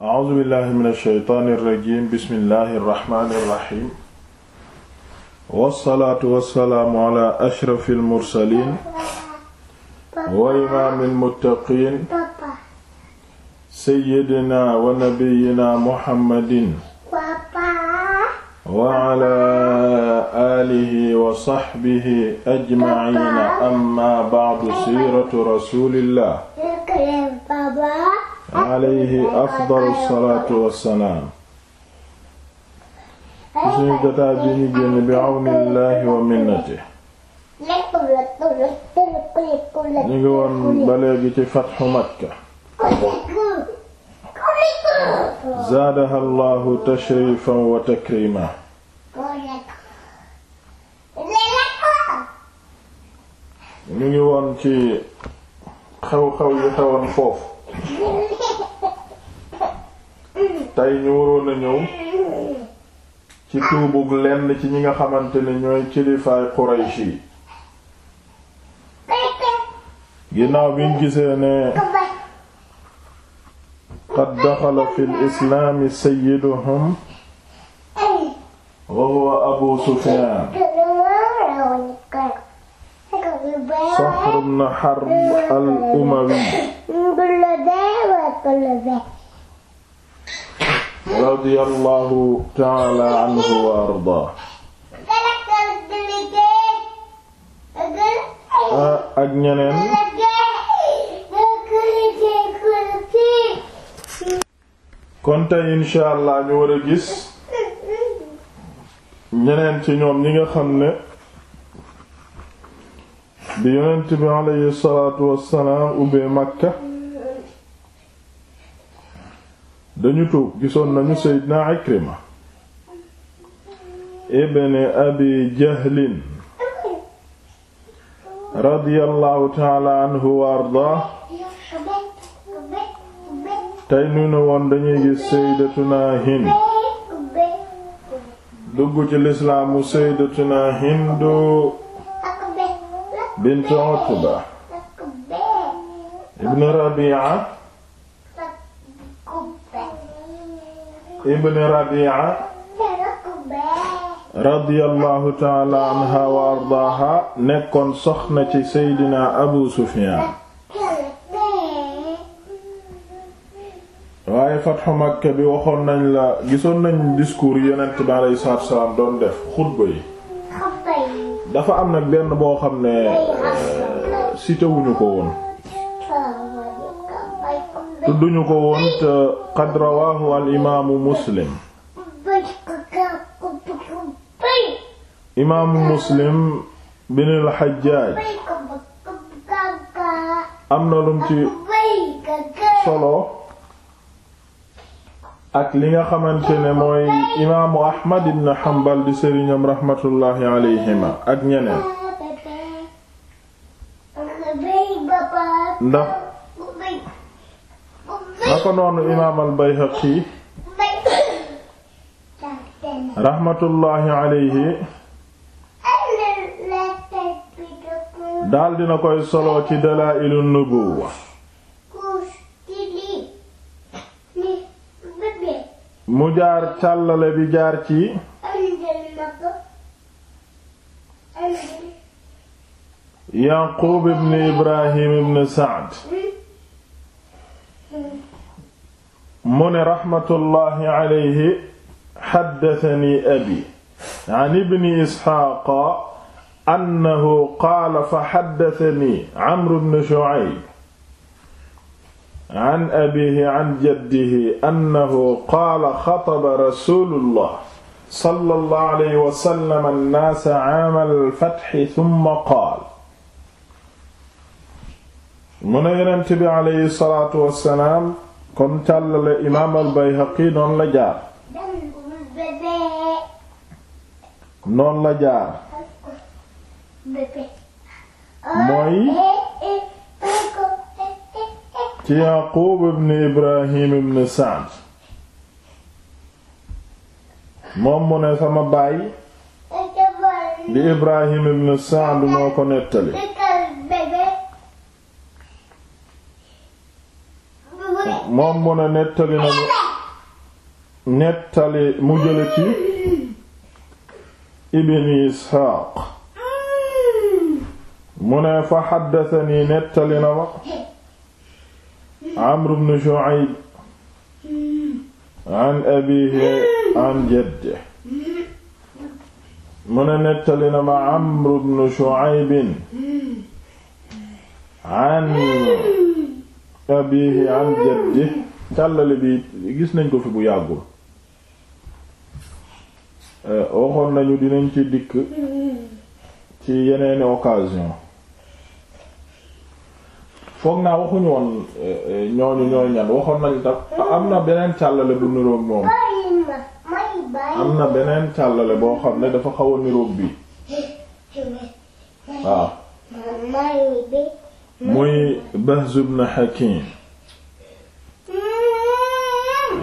a'uuzu billahi min alsheytaani irrajim bismillahi irrahmaani irrahim wassalaatu wassalaamu ala ashrafi almursalin wa imaami almuttaqiin seyyidina wa nabiyina muhammadin wa ala aalihi wa saxbihi ajmaciina amma bacdu siiratu rasulillah alayhi afdalu salaatu wassalaam ci bi ñu génn bi wa minnati ñu ngi woon ba léegi ci fatxu makka zaadaha allahu tashrifan wa takrima ñu ngi woon ci xew-xew yu tey ñu waroon a ñëw ci tuubug lenn ci ñi nga xamante ñooy kilifaay Quraysh yi ginnaaw biñ gisee ne qad daxala fi lislaami sayyiduhum wa abu sufyaan saxr ibn harb al umawi radiyallahu ta'ala anhu wa ardaa ah, ak ñeneen kon tey insha gis ñeneen ci ñoom ñi nga xam ne bi yonent bi alayhi salaatu wassalaam ubbee Makka dañu tuub gisoon nañu seydna Ikrima ibn abi jahlin radiyallahu taala anhu wa ardaa tey nu ne woon dañuy gis saydatuna Hind dugg ci lislaamu saydatuna Hind bint Utba ibn Rabi'a ibn Rabi'a radiyallahu ta'ala anha wa ardaaha nekkoon soxna ci seydina Abu Sufyaan waaye fatxu Makka bi waxoon nañ la gisoon nañ discours yi Yonent bi alayhi doon def xutba yi dafa am na benn boo xam ne sitewuñu ko woon tudduñu ko woon qad rawaahu al imaamu muslim imaamu muslim am na lum ci solo ak li nga xamante ne mooy imaamu ahmad ibn hanbal di sëriñam raxmatullaahi alayhima ak ñeneen ndax nako noonu imaam al-Bayhaqi raxmatullaahi alayhi daal dina koy solo ci Dalaa'ilu Nubuwwa mu jaar càllale bi jaar ci Yaquub ibn Ibrahim ibn Sa'd mu ne raxmatullahi alayhi xaddatani abi an ibni isxaaqa annahu qaala fa xaddatani amru bnu shucayb an abihi an jaddihi annahu qaala xataba rasuulullah sallallahu alayhi wa sallam annaasa caamal fatxi summa qaala mu ne yonent bi alayhi salaatu wa salaam kon càllale imaam Bayhaqi noonu la jaar noonu la jaar mooy ci Yaquub ibn Ibrahim ibn Sa'd moom mu ne sama baay di Ibrahim ibn Sa'd moo ko nettali moom mu ne nettali nañu nettali mu jële ci ibni isxaaq mu ne fa xaddatani nettali na ma amru bnu shu'ayb an abiihi an jadde mu ne nettali na ma amru bnu shu'ayb an abihi an jaddi càllale bi gis nañ ko fi bu yàggul euh, waxoon nañu dinañ ci dikk ci yeneeni occasion foog naa waxuñu woon euh, ñooñu ñooy ñan nañu tax am na beneen càllale bu niroog moom am na beneen càllale boo xam ne dafa xawa a niroog bi waaw muy Bahz ibn Hakim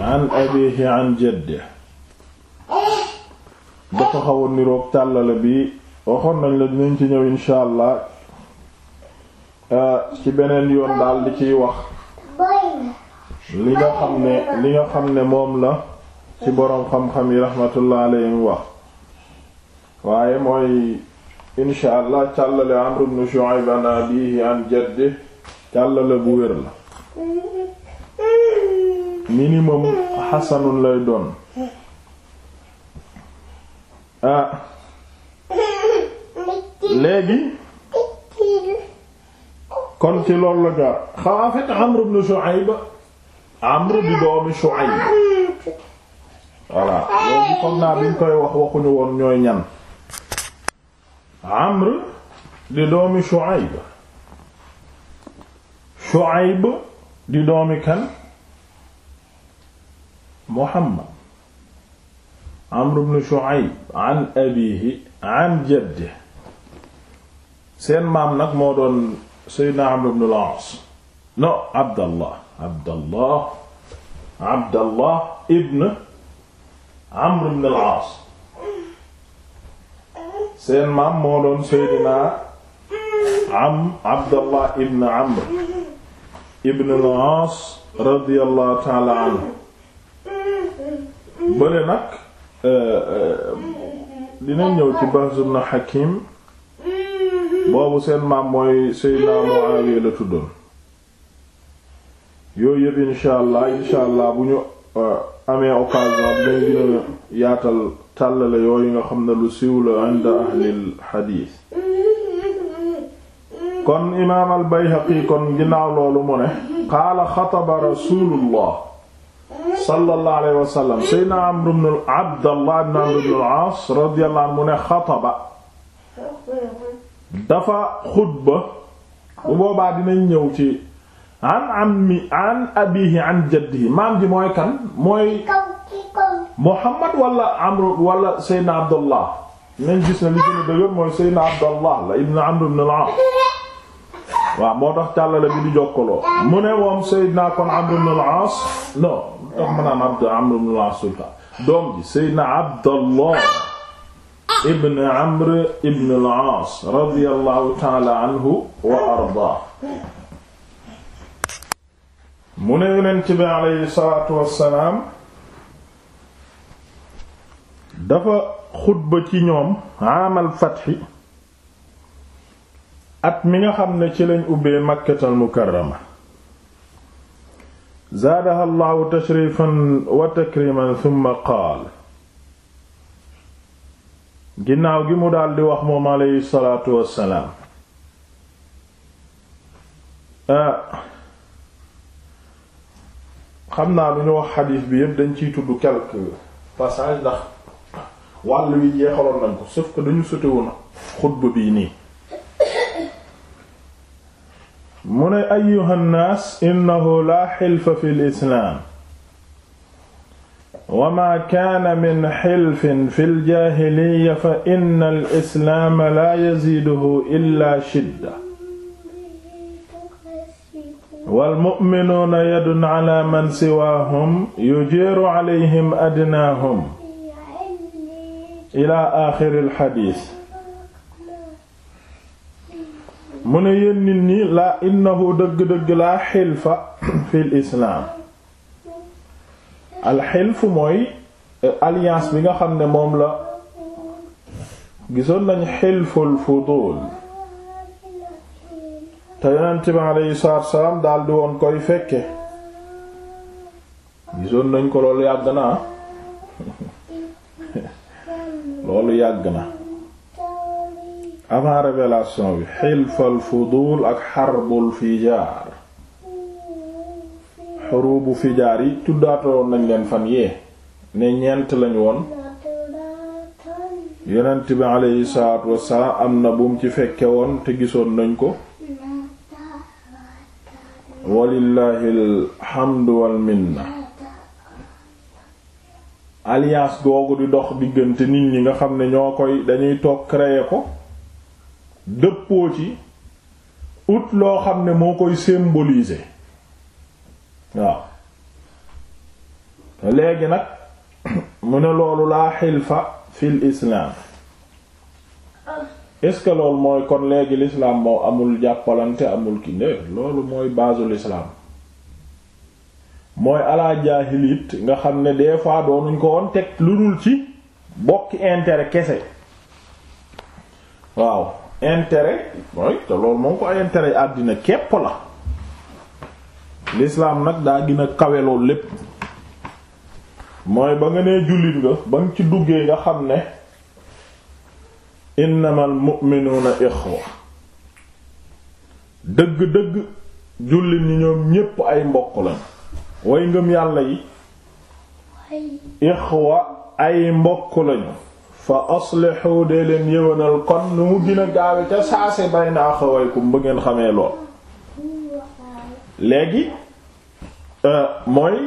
an abiihi an jaddihi dafa xawoon niroog tàllale bi waxoon nañ la dinañ ci ñëw insha allah euh, ci beneen yoon daal di ciy wax li nga xam ne li nga xam ne moom la ci boroom xam-xam yi raxmatullah alayhim wax waaye mooy incha allah càllale amr ibn shu'ayb an abiihi an jaddi càllale bu wér la minimum xasanun lay doon ah kon ci loolu la jaar xam en fait amr bi doomi shu'ayb voilà léegi comme naa biñ koy wax waxuñu woon ñooy ñan Amr di doomi Shuayb Shuayb di doomi kan Muhammad Amr ibn Shuayb an abiihi an jaddihi seen maam nag moo doon Seydina Amr ibn al-Aas no Abdallah Abdallah Abdallah ibn Amr ibn al-Aas seen maam moo doon seydina am abdallah ibn amr ibn al-Aas taala anhu bële nag euh, euh, dina ñëw ci Bahz ibn Hakim boobu seen maam mooy seydina Muawiya la tuddoon yooyu yëpp insha allah insha allah bu ñu Uh, amee occasion dinañ gën a yaatal tàllale yooyu nga xam ne lu siiw la inda ahlil xadiis kon imaam al Bayhaqi kon ginnaaw loolu mu ne qaala xataba rasuulullah sallallahu alayhi wa sallam seydna Amr al-Aas radiyallahu anhu mu ne xataba dafa xutba bu an ammi an abihi an jaddihi maam ji mooy kan mooy Muhammad wala Amr wala Seydina Abdallah nañ gis na li gën a dëgër mooy Seydina Abdallah la ibn Amr ibn al-As waaw moo tax càllale bi di jokkaloo mu ne moom Seydina kon Amr ibn al-As non tax ma naan Abd Amr ibn al-As sultan doom ji Seydina Abdallah ibn Amr ibn al-As radiyallahu ta'ala anhu wa ardaa mu ne yonent bi aleyhi salaatu wassalaam dafa xutba ci ñoom aamal fatxi at mi nga xam ne ci lañ ubbee makkatal mukarrama zaadaha allahu tashrifan wa takriman thumma qaal ginnaaw gi mu daldi wax moom aleyhi salaatu wassalaam ah xam naa lu ñu wax bi yëpp dañ ciy tudd quelques passages ndax wàll wi jeexaloon nañ ko sauf que dañu sotewu na xutba bii nii mu ne ayyuha nnaas innahu fi lislaam wa fi ljaahiliya fa inna alislaama laa illa shidda walmuminuuna yadun ala man siwaahum yujiiru calayhim adnaahum ila aaxiri alxadiis mu ne yéen nit ñi laa dëgg-dëgg laa xilfa fi islaam alxilf mooy euh, alliance bi nga xam ne moom la gisoon nañ xilful fudul te yonent bi aleyhi salaatu wa salaam daldi woon koy fekke gisoon nañ ko loolu yàgg na loolu yàgg bi xilfal fuduul ak xarbul fijaar xurubu fijaar yi tuddaatoon nañ leen fan yee ne ñeent lañ woon yonent bi aleyhi salaatu wa salaam am na bum ci fekke woon te gisoon nañ ko walillahi alhamdu wal alliance googu di dox diggante nit ñi nga xam ne ñoo koy dañuy toog créer ko dëppoo ci ut loo xam ne moo koy symboliser waaw te léegi nag mu ne loolu laa xilfa fil islaam est-ce que loolu mooy kon léegi l'islam moo amul jàppalante amul ki ndé loolu mooy baasu l'islam mooy ala jaahilit nga xam ne des fois doonuñ ko woon teg lu dul ci bokki intérêt kese waaw intérêt mooy te loolu moom ko ay intérêt àddina képp la l'islam nag daa gën a kawe lépp mooy ba nga nee jullit nga ba nga ci duggee nga xam ne innamal mu'minuuna ixwa dëgg-dëgg jullit ñi ñoom ñépp ay mbokk lañ way ngëm yàlla yi ixwa ay mbokk lañu fa aslihu dee leen yëwanal kon nu mu gën a gaawe ca saase bayna axawaykum ba ngeen xamee lool léegi euh, mooy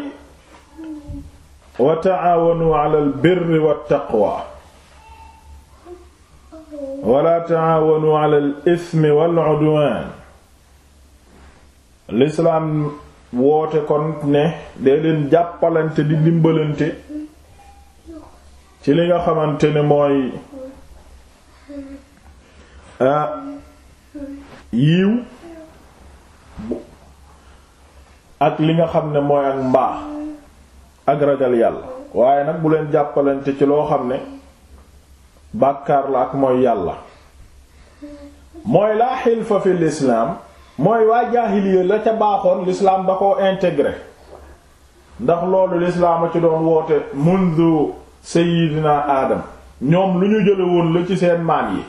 wa ta'awanu ala al birri wat taqwa wala taawanu ala al ismi wal udwan lislaam woote kon ne dee leen jàppalante di dimbalante ci li nga xamante ne mooy yiiw ak li nga xam ne mooy ak mbaax ak ragal yàlla waaye nag bu leen jàppalante ci loo xam ne bàkkaar la ak mooy yàlla mooy laa fi lislaam mooy waa jaahiliya la ca baaxoon lislaam da koo intégré ndax loolu lislaam a ci doon woote mundu sayidina aadam ñoom lu ñu jële woon la ci seen maan yi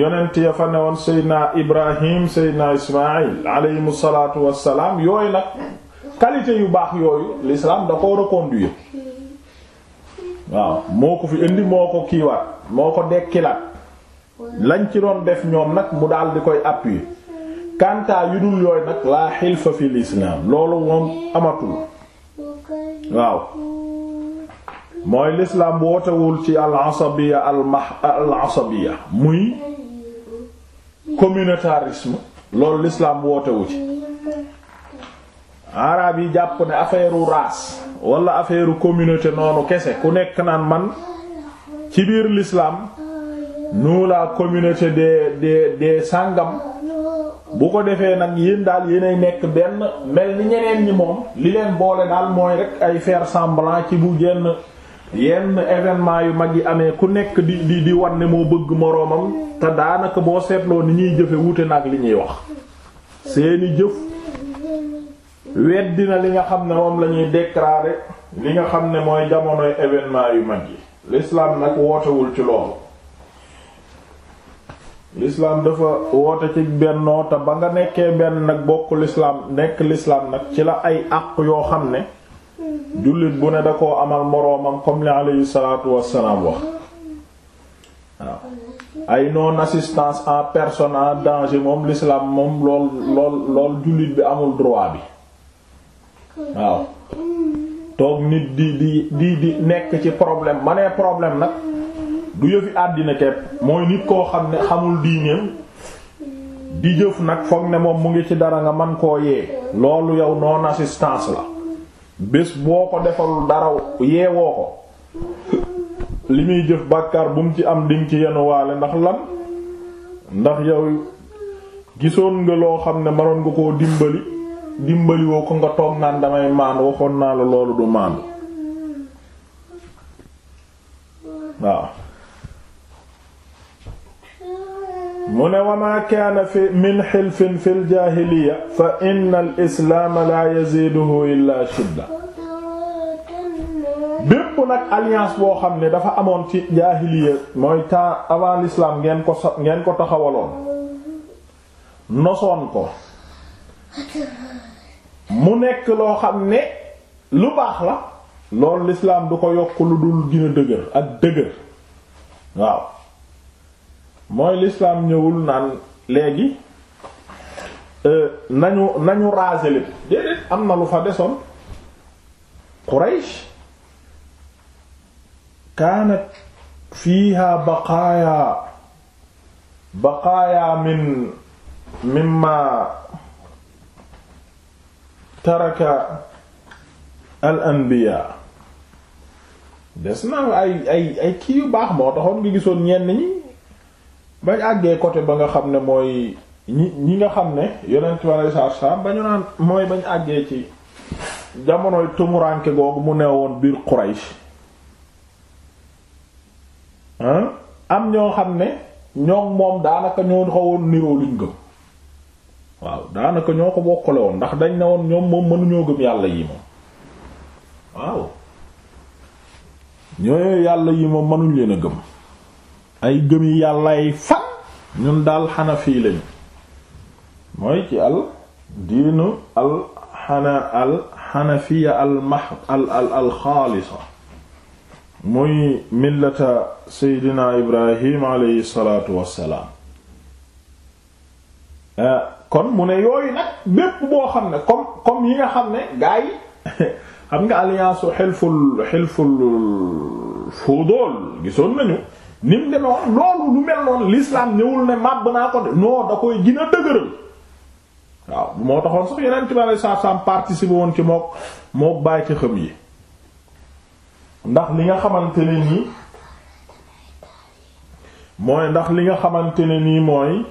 yonent ya fa newoon seydna ibrahim seydna ismail aleyhimu salaatu wassalaam yooyu nag qualité yu baax yooyu l'islam da ko reconduire waaw moo ko fi indi moo ko kiiwaat moo ko dekkilaat lañ ci doon def ñoom nag mu daal di koy appuyer kantaa yu dul yooyu nag laa xilfa fi lislaam loolu moom amatul waaw mooy lislaam wootewul ci al asabiya al ma al asabiya muy communautarisme loolu lislaam wootewu ci araab yi jàpp ne affaire race wala affaire communauté noonu kese ku nekk naan man ci biir lislaam nous la communauté des des des sangam bu ko defee nag yéen daal yéenay nekk benn mel ni ñeneen ñi moom li leen boole daal mooy rek ay faire semblant ci bu genn yenn événement yu mag yi amee ku nekk di di di wan moo bëgg moroomam te daanaka boo seetloo ni ñuy jëfe wuute nag li ñuy wax seeni jëf weddi dina li nga xam ne moom la ñuy déclarer li nga xam ne mooy jamonoy événement yu mag yi l'islam nag wootewul ci loolu lislaam dafa woote ci benn te ba nga nekkee benn nag bokk lislaam nekk lislaam nag ci la ay àq yoo xam ne jullit bu ne da koo amal moroomam comme li alayhi salaatu wassalaam wax waaw ay non en personne en danger moom l'islam moom lool lool lool jullit bi amul droit bi waaw toog nit di di di di nekk ci problème ma nee problème nag du yëfi àddina kepp mooy nit koo xam ne xamul diineem di jëf nag foog ne moom mu ngi ci dara nga man koo yee loolu yow non assistance la bés boo ko defalul dara yeewoo ko li muy jëf bàkkaar bu mu ci am dinga ci yenuwaale ndax lan ndax yow gisoon nga loo xam ne mënoon nga koo dimbali dimbaliwoo ko nga toog naan damay maandu waxoon naa la loolu du maandu waaw mu ne wamaa kaana fi min xilfin fi ljaahiliya fa inna al boo xam ne dafa amoon ci jaahiliya mooy temps avant l'islam ngeen ko ngeen ko taxawaloon nosoon ko mu nekk loo xam ne lu baax la lool lislaam du ko yokk lu dul gën a dëgër ak dëgër waaw mooy lislaam ñëwul naan léegi euh, nañu nañu raser déedéet am na lu fa desoon Quraysh kaanat fiiha baqaaya baqaaya min mimma taraka al anbiya des na ay ay ay kii yu baax moo taxoon nga gisoon ñenn ñi bañ àggee côté ba nga xam ne mooy ñi ñi nga xam ne yonent bi alei saatu bañu naan mooy bañ àggee ci jamonoy tumuranke googu mu neewoon biir Quraysh am ñoo xam ne ñoom moom daanaka ñoo xawoon niroo luñ gëm waaw daanaka ñoo ko bokkale woon ndax dañ na woon ñoom moom mënuñoo gëm yàlla yi moom waaw ñooy yàlla yi moom mënuñ leen a gëm ay gëmi yàlla ay fan ñun daal xanafi lañu mooy ci al diinu al xana al xanafiya al max al al al xaalisa muy millata seydina ibrahim aleyhi salaatu wassalaam eh, kon mu ne yooyu nag bépp boo xam ne comme comme yi nga xam ne gaa yi xam nga alliance xilful xilful fudool gisoon nañu ni mu demee woon loolu lu mel noonu l'islam ñëwul ne màbb naa ko de non da koy gën a dëgëral waaw moo taxoon sax yeneen ci ma saab saam participer woon ci mook mook bàyyi ci xëm yi ndax li nga xamante ne nii mooy ndax li nga xamante ne nii mooy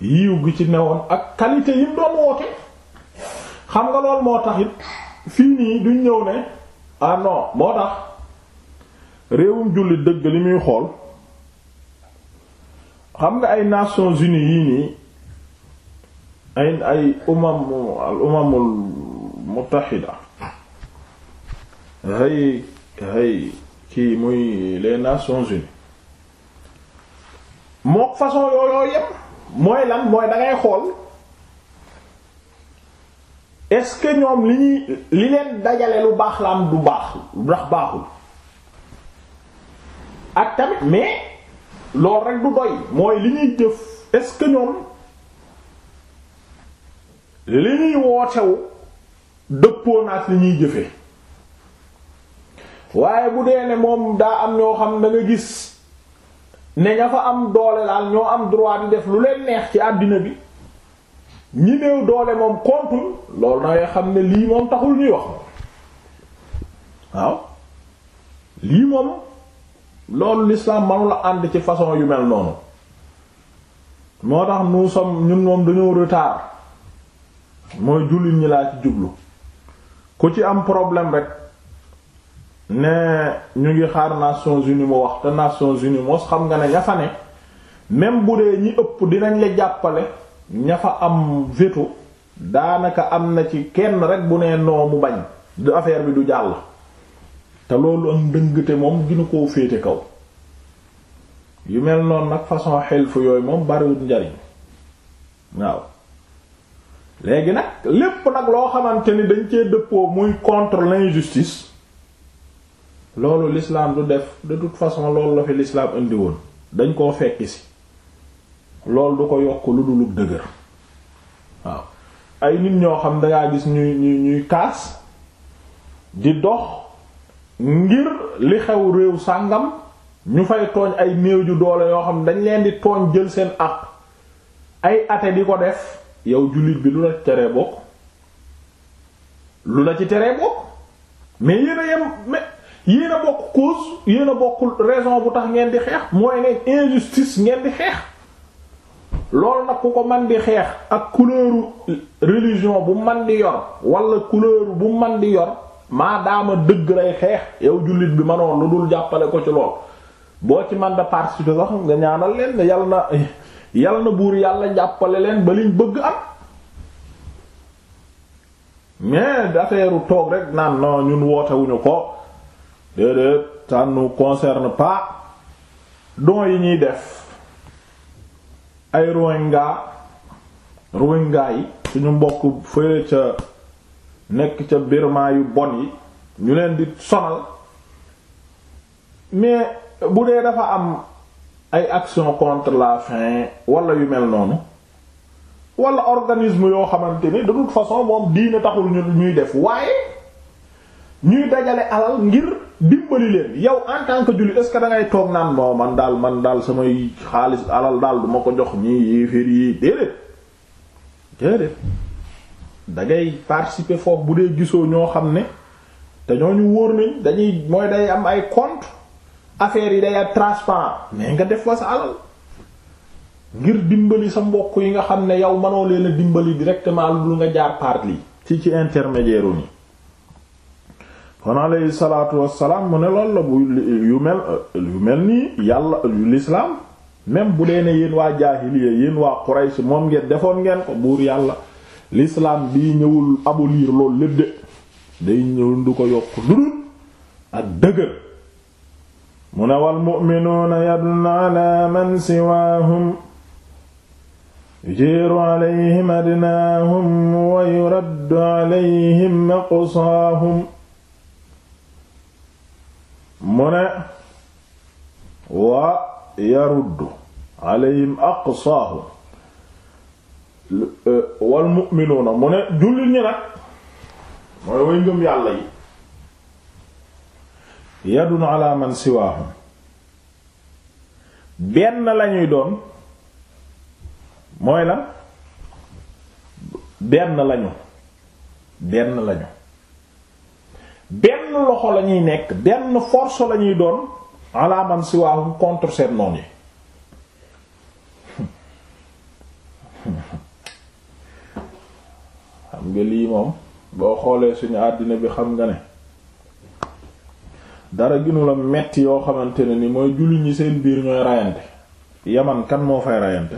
yiw gi ci newoon ak qualité yi mu doon woote xam nga lool moo tax fii nii duñ ñëw ne ah non moo tax réewum jullit dëgg li muy xool xam nga ay Nations Unies yii nii ay ay umam al umamul muttahida hay hay kii muy les Nations Unies mook façon yooyu yépp mooy lan mooy da ngay xool est-ce que ñoom li ñuy li leen dajale lu baax la am du baax ndax baaxul ak tamit mais loolu rek du doy mooy li ñuy jëf est-ce que ñoom li ñuy wootewu dëppoo naat li ñuy jëfe waaye bu dee ne moom daa am ñoo xam da nga gis ne ña fa am doole laal ñoo am droit di def lu leen neex ci àddina bi ñi néew doole moom kontul loolu na xam ne lii moom taxul ñuy wax waaw lii moom loolu l'islam manula ànd ci façon yu mel noonu moo tax nous sommes ñun moom dañoo retard mooy jullit ñi laa ci jublu ku ci am problème rek ne ñu ngi xaar Nations Unies mu wax te Nations Unies moos xam nga ne ña fa ne même bu dee ñi ëpp dinañ la jàppale ña fa am veto daanaka am na ci kenn rek bu nee noo mu bañ du affaire bi du jàll te loolu am ndëngte moom gina koo féete kaw yu mel noonu nag façon xelf yooyu moom bariwul njariñ waaw léegi nag lépp nag loo xamante ni dañ cee dëppoo muy contre l'injustice loolu l'islam du def de toute façon loolu la fi l'islam indi woon dañ koo fekki si loolu du ko yokk lu dulub dëgër waaw ay nit ñoo xam dangaa gis ñuy ñuy kaas di dox ngir li xew réew sàngam ñu fay tooñ ay néew ju doole yoo xam dañ leen di tooñ jël seen àq ay ate di ko def yow jullit bi lu la ci teree bokk lu la ci teree bokk mais yéen a yem yéen a bokk cause yéen a bokkul raison bu tax ngeen di xeex mooy ne injustice ngeen di xeex loolu nag ku ko man di xeex ak couleuru religion bu man di yor wala couleur bu man di yor maadaama dëgg lay xeex yow jullit bi manoon lu dul jàppale ko ci lool boo ci man da participer sax nga ñaanal leen ne na yàlla na buur yàlla jàppale leen ba liñ bëgg am mais d'affaire toog rek naan non ñun wootewuñu ko déedéet ça nous concerne pas don yi ñuy def ay Rohingya Rohingya yi suñu mbokk fële ca nekk ca Birma yu bon yi ñu leen di sonal mais bu dee dafa am ay action contre la faim wala yu mel noonu wala organisme yoo xamante ni de toute façon moom diine taxul ñu ñuy def waaye ñuy dajale alal ngir dimbali leen yow en tant que jullit est-ce que da toog naan moo man daal man daal samay xaalis alal daal du ma ko jox ñii yéeféer yi déedéet déedéet da ngay participer foofu bu dee gisoo ñoo xam ne te ñooñu wóor nañ dañuy mooy day am ay compte affaires yi day ay transparent mais nga def fa sa alal ngir dimbali sa mbokk yi nga xam ne yow mënoo leen dimbali directement lu nga jaar par lii ci ci intermédiaire ni kon alayhi salaatu mu ne loolu la bu yu mel yu mel nii yàlla l'islam même bu dee ne yéen waa jaahiliya yéen waa Quraysh moom ngeen defoon ngeen ko buur yàlla l'islam bii ñëwul abolir loolu lépp de day ñëw du ko yokk ludul ak dëgër mu ne wal mu'minuuna yadun ala man siwaahum yujiiru alayhim adnaahum wa yuraddu alayhim aqsaahum mu ne wa yaruddu alayhim aqsaahum eh, wal mu'minuuna mu ne jullit ñi nag mooy way ngëm yàlla yi yadun ala man siwaahum benn lañuy doon mooy la benn lañu benn lañu benn loxo la ñuy nekk benn force lañuy doon ala man siwaahum contre seen noon yi xam nga lii moom boo xoolee suñu àddina bi xam nga ne dara ginu la metti yoo xamante ne ni mooy jullit ñi seen biir ñooy rayante yaman kan moo fay rayante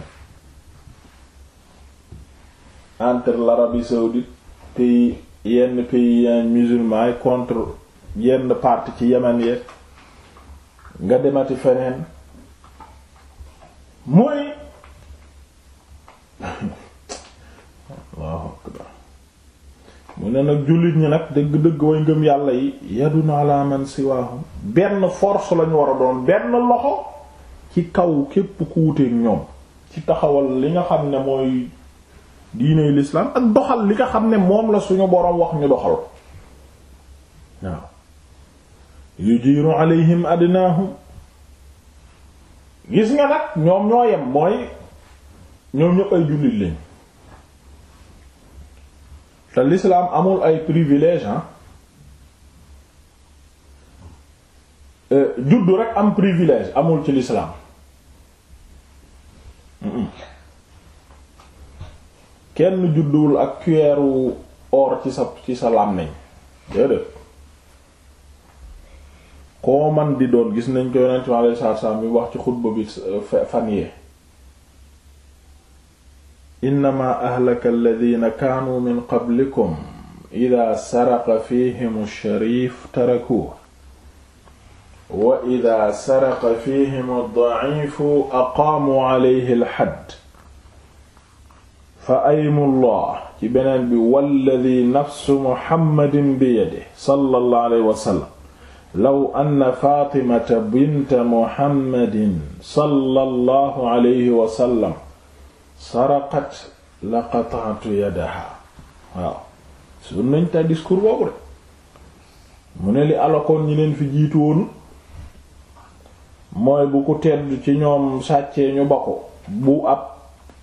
entre l'Arabie saoudite yenn pays musulman yi contre yenn parti ci Yemen yeeg nga demati feneen mooy Allahu mu ne nag jullit ñi nag dëgg-dëgg way ngëm yàlla yi yadun ala man siwaahum benn force lañu war a doon benn loxo ci kaw képp ku wuteek ñoom ci taxawal li nga xam ne mooy diiney lislaam ak doxal li nga xam ne moom la suñu boroom wax ñu doxal waaw yujiiru alayhim adnaahum gis nga nag ñoom ñoo yem mooy ñoom ñëpp ay jullit lañ te lislaam amul ay privilège ah juddu rek am privilège amul ci lislaam kenn judduwul ak cuillère or ci sa ci sa làmmiñ déedéet koo man di doon gis nañ ko yonent mi alayhi salaatu salaam bi wax ci xutba bi euh, fan yee innama ahlaka alladhina kaanu min qablikum ida saraqa fihim sharif tarakuhu wa ida saraqa fihim ad-da'ifu aqaamu alayhi al-hadd fa aymullah ci beneen bi walladi nafsu muhammadin bi yadihi sallallahu alayhi wa sallam law anna faatimata binta muhammadin sallallahu alayhi wa sallam saraqat laqata'tu yadaha waaw su nañ ta discours boobu de mu ne li alakoon ñi leen fi jiitu woon mooy bu ku tedd ci ñoom sàccee ñu ba ko bu ab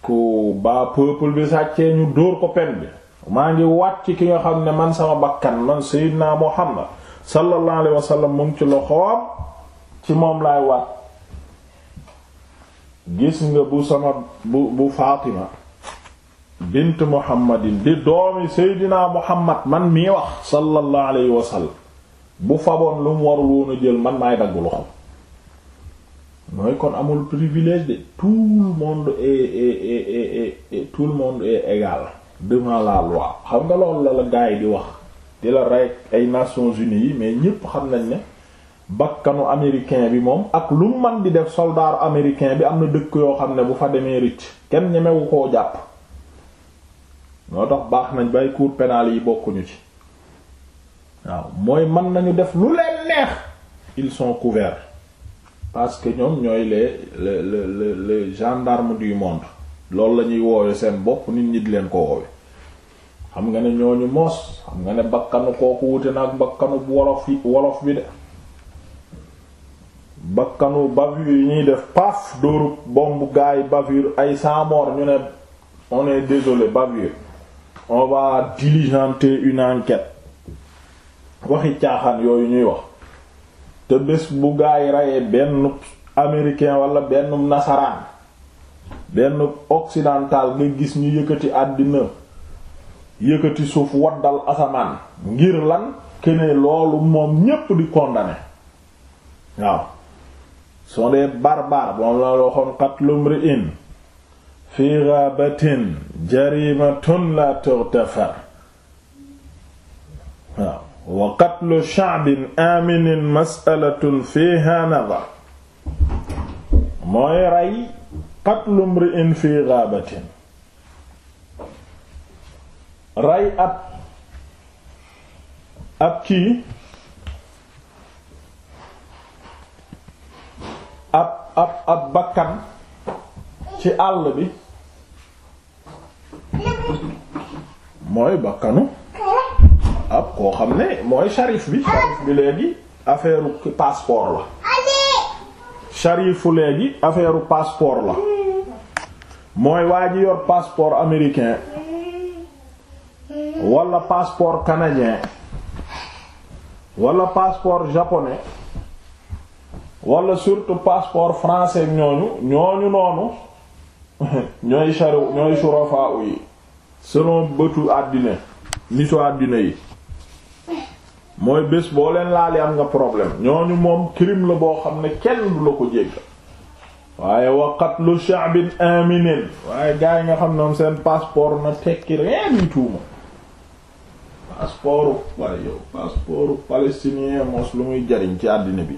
ku baa peuple bi sàccee ñu dóor ko pen bi maa ngi wàcc ki nga xam ne man sama bakkan man sayyidina Muhammad sallallahu alayhi wa sallam mu ci loxoom ci moom laay waat gis nga bu sama bu bu Fatima bint Muhammadin di doomi sayyidina Muhammad man mii wax sallallahu alayhi wa bu faboon lu mu warul woon a jël man maay dagg loxoom mooy kon amul privilège de tout le monde est tout le monde est égal devant la loi xam nga loolu la la gaay di wax di la rey ay Nations Unies yi mais ñépp xam nañ ne bakkanu américain bi moom ak lu man di def soldat américain bi am na dëkk yoo xam ne bu fa demee rëcc kenn ñemewu koo jàpp moo tax baax nañ bay cour pénale yi bokkuñu ci waaw mooy mën nañu def lu leen neex ils sont couverts parce que ñoom ñooy les les les les gendarmes du monde loolu lañuy ñuy woowe seen bopp nit ñi di leen ko woowe xam nga ne ñooñu moos xam nga ne bakkanu kooku wute na ak bakkanu wolof yi wolof bi de bakkanu bavure yi ñuy def paf dóoru bomb gaay bavure ay sans ñu ne on est désolé bavure on va une enquête waxi caaxaan yooyu ñuy wax te bu gaay rayee benn americain wala benn nasaraan benn occidental nga gis ñu yëkkati àddina yëkkati suuf waddal asamaan ngir lan kene loolu moom ñépp di condamné waaw sont des barbares moom la waxoon qatlum ri'in fi ghabatin jarimatun la tughfar waaw wa qatlu sha'bin aminin mas'alatun fiha nadar mooy rey qatlu mri'in fi ghabatin rey ab ab kii ab ab ab bakkan ci àll bi mooy bakkanu ab koo xam ne mooy sharif bi sharif bi léegi affaire passeport la léegi affaire passeport la mooy waa ji passeport américain wala passeport canadien wala passeport japone wala surtout passeport français ñooñu ñooñu noonu ñooy sharu ñooy shurafa yi selon bëtu àddina nitu àddina yi mooy bés boo leen laali am nga problème ñooñu moom crime la boo xam ne kenn du la ko jéggal waaye wa qatlu sha'bin aminin waaye gars yi nga xam ne moom seen passeport na tekki rien du tout ma passeport waaye yow passeport palestinien mos lu muy jariñ ci àddina bi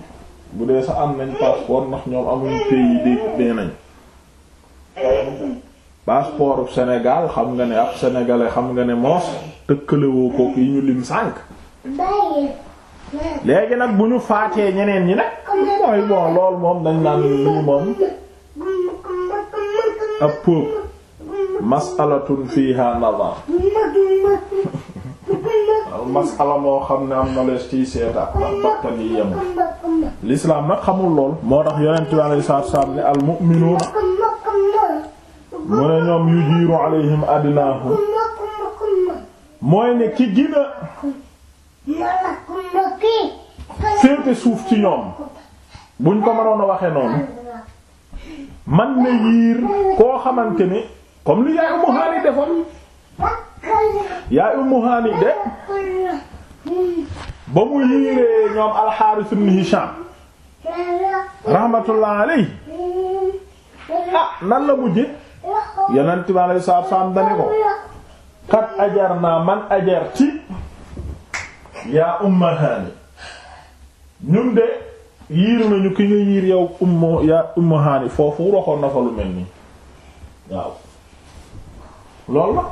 bu dee sax am nañ passeport ndax ñoom amuñ pays dé dee nañ passeport Sénégal xam nga ne ab sénégalais xam nga ne moos tëkkalewoo ko yi ñu lim sànk léegi nag bu ñu faatee ñeneen ñi nag mooy bon lool moom dañ naan lii moom ab poob masalatun fiha nazar masala moo xam ne am na lees ciy seeta ndax bakkan yi yemul l'islam nag xamul lool moo tax yonent bi alayhi salaatu salaam ne al mu ne ñoom yujiiru alayhim adnaahum mooy ne ki gina féete suuf ci ñoom buñ ko mënoon a waxe noonu man na yiir koo xamante ni comme li yaay Ummu Haani defoon yaay Ummu de ba mu yiiree ñoom Al-Haaris ibn Hisham rahmatullah alayhi ah nan la mujje yeneen tibe alay saa saam dane ko kat ajar naa man ajar ci yaa umma ñun de yiir nañu ki nga yiir yow umma foofu waxoon na fa lu mel nii waaw loolu la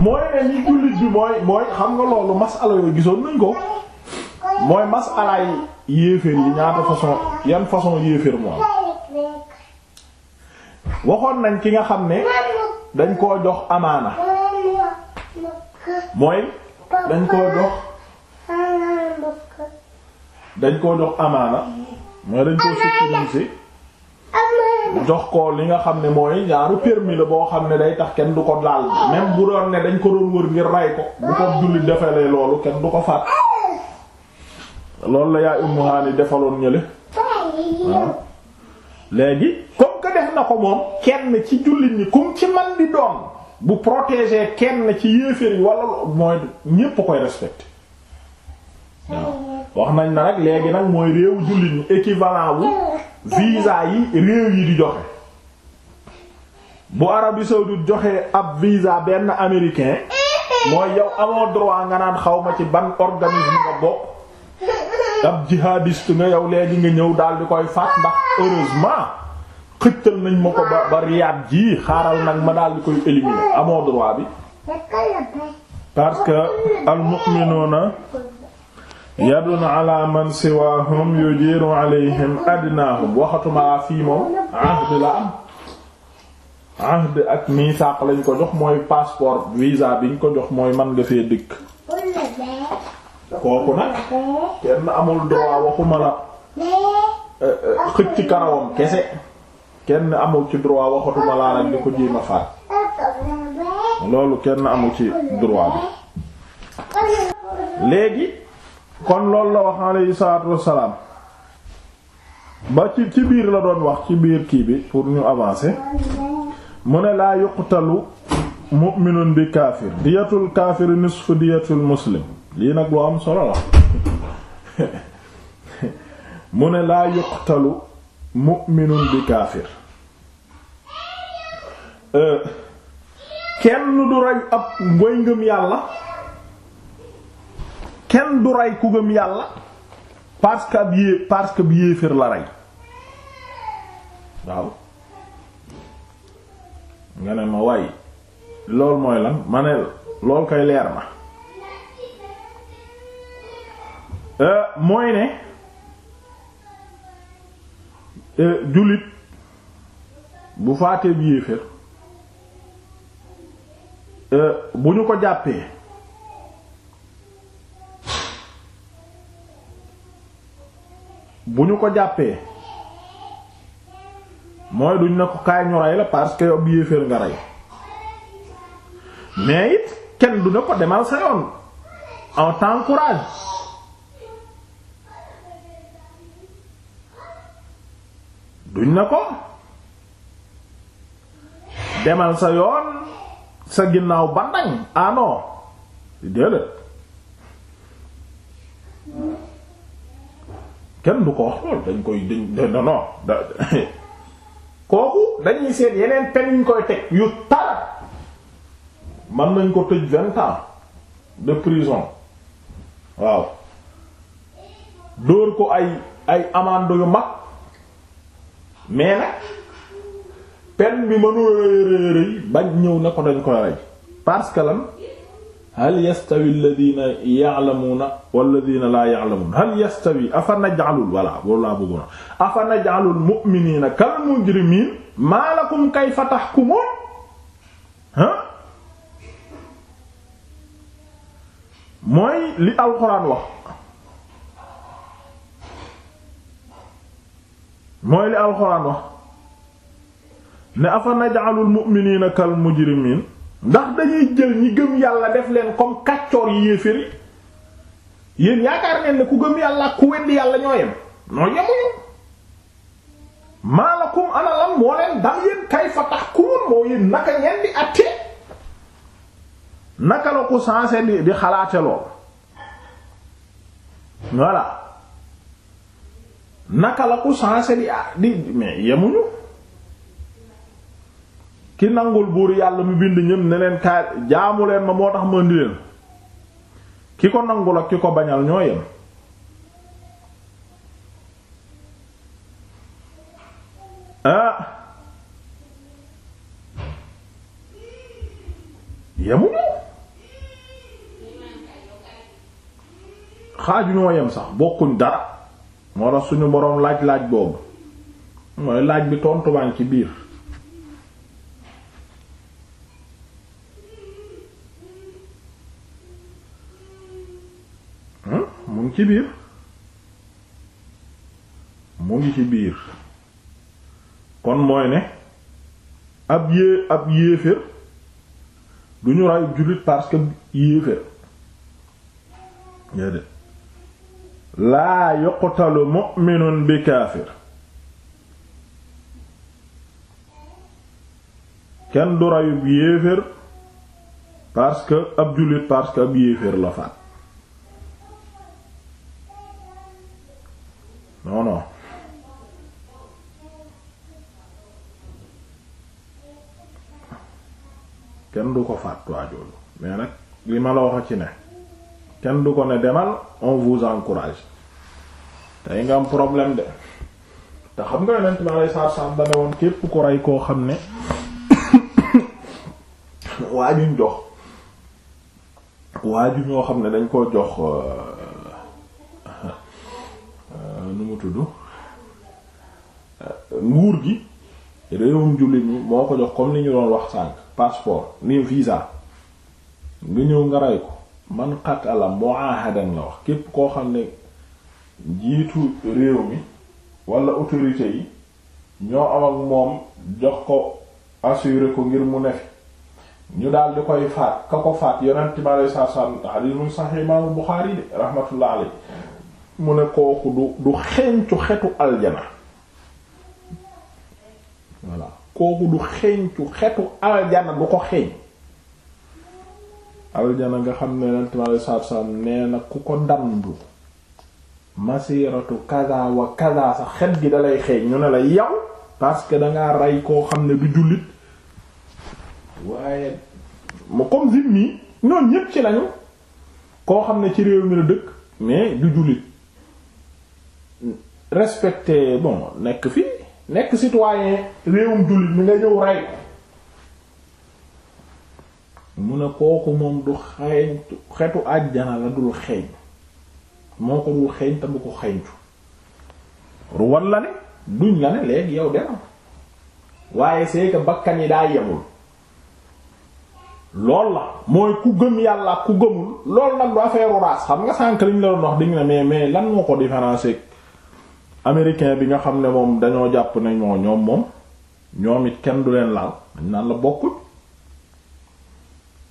mooy ne ñi bi mooy xam nga loolu masala yooyu gisoon nañ ko mooy mas yi yéeféer yi ñaata façon yan façon yéeféer moo waxoon nañ ki nga xam ne dañ koo jox amaana mooy dañ koo dox dañ koo dox amaana mooy dañ koo sécuriser jox ko li nga xam ne mooy ñaaru permis la boo xam ne day tax kenn du ko laal même bu doon ne dañ ko doon wër ngir ray ko bu ko jullit defalee loolu kenn du ko faat loolu la yaay Ummu Haani defaloon ñële léegi comme que def na ko moom kenn ci jullit ñi kum ci man di doon bu protéger kenn ci yéeféer yi wala mooy ñépp koy respecté waaw wax nañ na nag léegi nag mooy réew jullit ñi équivalent wu visa yi réew yi di joxe bu Arabie saoudite joxe ab visa benn américain mooy yow amoo droit nga naan xaw ma ci ban organisme nga bokk ab jihadiste nga yow léegi nga ñëw daal di koy faat ndax heureusement xëccal nañ ma ko ba ba riyaat ji xaaral nag ma daal di koy éliminer amoo droit bi parce que al mu'minuna yadun ala man siwahum yujiru adnaahum waxatuma fii moom ahd la ahd ak misaaq lañ ko jox mooy passeport visa biñ ko jox mooy man nga fee dëkk kooku nag kenn amul droit waxuma la euh, euh, xëcc kese kenn amul ci droit waxatuma laa nag di ko jéem a faat loolu kenn amul ci droit bi léegi kon loolu la wax alayhi salaatu wassalaam ba ci ci biir la doon wax ci biir kii bi pour ñu avancé mu ne laa yuqtalu mu'minun bi kaafir diyatul kaafir nisfu lii nag lu am solo la mu ne laa yuqtalu mu'minun bi kaafir euh, kenn du rey ab ngoy ngëm yàlla kenn du ray ku gëm yàlla parce ab yée parce bi yéeféer la rey waaw nga ne ma waay loolu mooy lan ma ne loolu koy leer ma euh, mooy ne jullit bu faatee bi yéeféer euh, bu ñu ko jàppee bu ñu ko jàppee mooy duñ ne ko kaay ñu la parce que bi yéeféer nga rey mais it kenn du ne ko demal sa yoon en tant courage duñ na ko demal sa yoon sa ginnaaw bandañ ah non déedéet kenn du ko wax lool dañ koy dañ non non kooku dañuy seet yeneen pen ñu koy teg yu tar mën nañ ko tëj vingt ans de prison waaw dóor ko ay ay amende yu mag mais nag pen bi mënu rëy rëy bañ ñëw na ko dañ koy rey parce que lan hal yastawi alladhina ya'lamuna walladhina la ya'lamuna hal yastawi afa naj'alul walla walla bëgguna afa naj'alul mu'minina kal mujrimin ma lakum kayfa tahkumun ha mooy li alxuraan wax mooy li alxuraan wax ne afa naj'alul mu'minina kal mujrimin ndax dañuy jël ñi gëm yàlla def leen comme kàccoor yi yéefér yi yéen yaakaar ngeen ne ku gëm yàlla ak ku weddi yàlla ñoo yem noo yemuñu maalakum analam moo leen dal yéen kayfa tahkumun moo yéen naka ngeen di atte naka la ko sensé di di xalaate lool voilà naka la ku sensé di ah di mais yemuñu ki nangul buur yàlla mu bind ñëm ne leen kaa ma moo tax ma indi leen ki ko nangul ak ki ko bañal ñoo yem ah yemuñu xaaju ñoo yem sax bokkuñ dara moo tax suñu boroom laaj-laaj boobu mooy laaj bi tontu baa ngi ci biir hmm? mu ngi ci biir mu ngi ci biir kon mooy ne ab yée ab yéefér du ñu ray jullit parce que yéefér laa yuqtalu mu'minun bi kaafir kenn du reyub yéeféer parce que ab jullit parce que ab yéeféer la faat non kenn du ko faat waajooju mais nag li ma la wax ci ne kenn du ko ne demal on vous encourage tey nga am problème de te xam nga yonent bi alei saatu salaam dane woon képp ku rey koo xam ne waa juñ jox waa ju xam ne dañ koo jox euh, euh, nu mu tudd euh, nguur gi réewum jullit ñi moo ko jox comme ni ñu doon wax sànq passeport ni visa nga ñëw nga rey ko man qatala muahadan la wax képp koo xam ne jiitu réew mi wala autorité yi ñoo am ak moom jox ko assuré ko ngir mu nefi ñu daal di koy faat ka ko faat yonent mi alei satu salam hadis mu sax imaamu Buxaari de rahmatullah aley mu ne kooku du du xencu xetu aljana voilà kooku du xencu xetu aljana du ko xeeñ aljana nga xam ne yonent mi alei saatu salaam ku ko dandu masiratu kada wa kada sa xet gi dalay xeeñ ñu ne la yow parce que dangaa rey koo xam ne du jullit waaye mu comme zimmi ñoom ñépp ci lañu koo xam ne ci réew mi la dëkk mais du jullit respecté bon nekk fi nekk citoyen réewum jullit mi nga ñëw rey mu ne kooku moom du xeeñtu xetu àjjana la dul xeeñ moo ko dul xeeñ te ko xeeñtu ruwan la ne duñ la ne léegi yow demal waaye c'est que bakkan yi daa yemul lool la mooy ku gëm yàlla ku gëmul lool nag du affaire race xam nga sànq liñ la doon wax dinga ne mais mais lan moo ko différencier américain bi nga xam ne moom dañoo jàpp ne ñoo ñoom moom ñoom it kenn du leen laal dañ naan la bokkuñ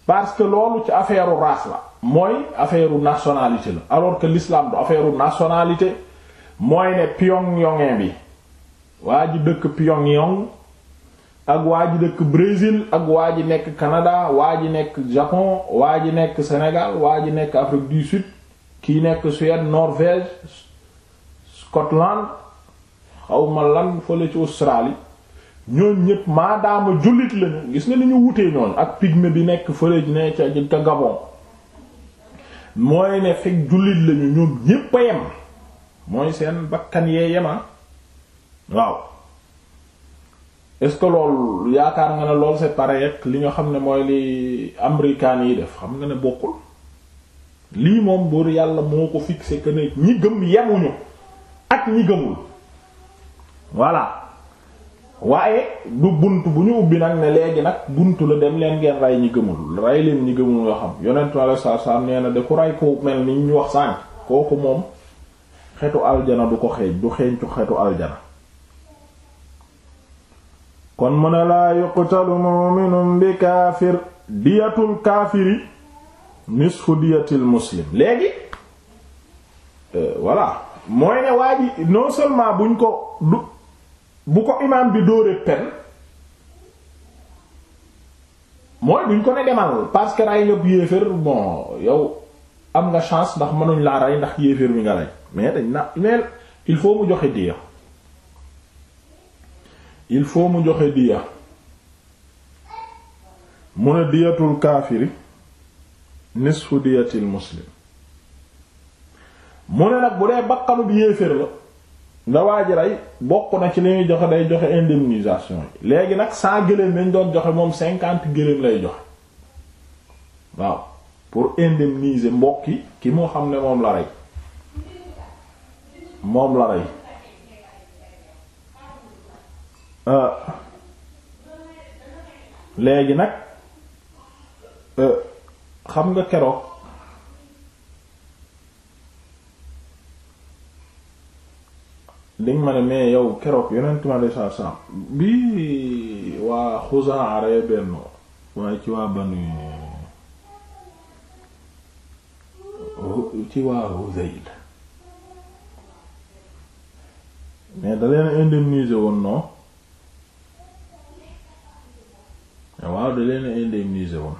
parce que loolu ci affaire u la mooy affaire u nationalité la alors que l'islam du affaire nationalité mooy ne Pyongyangais bi waa ji dëkk Pyongyang ak waa ji dëkk Brésil ak waa ji nekk Canada waa ji nekk Japon waa ji nekk senegal waa ji nekk Afrique du Sud kii nekk Suède Norvège Scotland xawma lan fële ci Australie ñooñ ñëpp maadaama jullit lañu gis nga ni ñu wutee ñooñ ak pigme bi nekk fële ne ca ca Gabon mooy ne fekk jullit lañu ñoom ñépp yem mooy seen bakkan yee yema ah. waaw est-ce que loolu yaakaar nga ne loolu c'est pareil ak li nga xam ne mooy li américains yi def xam nga ne bokkul lii moom buur yàlla moo ko fixé que ne ñi gëm yemuñu ak ñi gëmul voilà waaye du bunt bu ñu ubbi nag ne léegi nag bunt la dem leen ngeen rey ñi gëmul rey leen ñi gëmul nga xam yonentu Yàlla sallallahu alayhi wasallam de ku rey ko mel ni ñu wax sànk kooku moom xetu aljana du ko xeeñ du xeeñcu xetu aljana kon mu ne laa yuqtalu mu'minun bi kaafir diyatul kaafiri nisfu diyatil muslim léegi euh, voilà mooy ne waa ji non buñ ko du bu ko imaam bi dóoree pen mooy duñ ko ne demal parce que rey nga bu yéeféer bon yow am nga chance ndax mënuñ laa rey ndax yéeféer bi nga rey mais dañ na mais il faut mu joxe diya il faut mu joxe diya mu ne diyatul kaafiri nisfu diyatil muslim mu ne nag bu dee bakkanu bi la nga waaj rey bokk na ci li ñuy joxe day joxe indemnisation yi léegi nag saa gëléem lañ doon joxe moom cinquante gëléem lay joxe waaw pour indemniser mbokki ki moo xam ne moom la rey moom la rey euh. léegi nag euh, xam nga keroog dañ ma ne mais yow keroog yonent ma de saa saa bi waa Xuzaa rey benn waaye ci waa banu ci waa Huzayl mais da leen indemniser woon non waaw da leen indemniser woon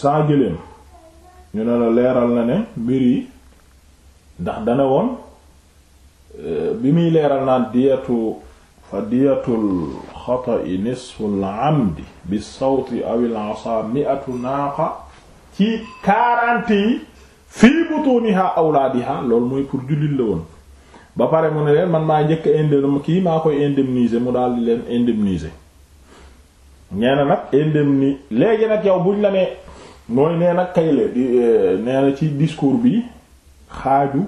saa gëléem ñu ne la leeral na ne mbir yi ndax dana woon euh, bi muy leeral naan diyatu fa diyatul xata'i nisful amdi bi sawti awil asa mi'atu naaqa ci quarante yi fii butuniha awlaadiha loolu mooy pour jullit la woon ba pare mu ne leen man maa njëkk indemn kii maa koy indemniser mu daal di leen indemniser nee na nag indemni léegi nag yow buñ la nee mooy nee nag kay euh, ci discours bi xaaju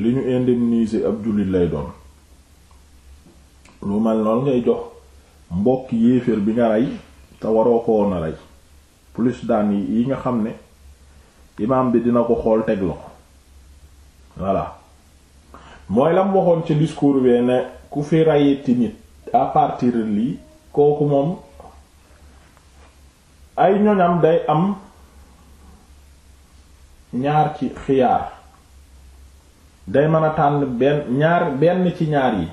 li ñu indemniser ab jullit lay doon lu mel noonu ngay jox mbokk yéeféer bi nga rey te waroo ko woon rey plus daan yi nga xam ne imaam bi dina ko xool teg la ko voilà mooy lam waxoon ca discours wee ne ku fi rayeti nit à partir lii kooku moom ay ñoñam day am ñaar ci xiyaar day mën a tànn benn ñaar benn ci ñaar yi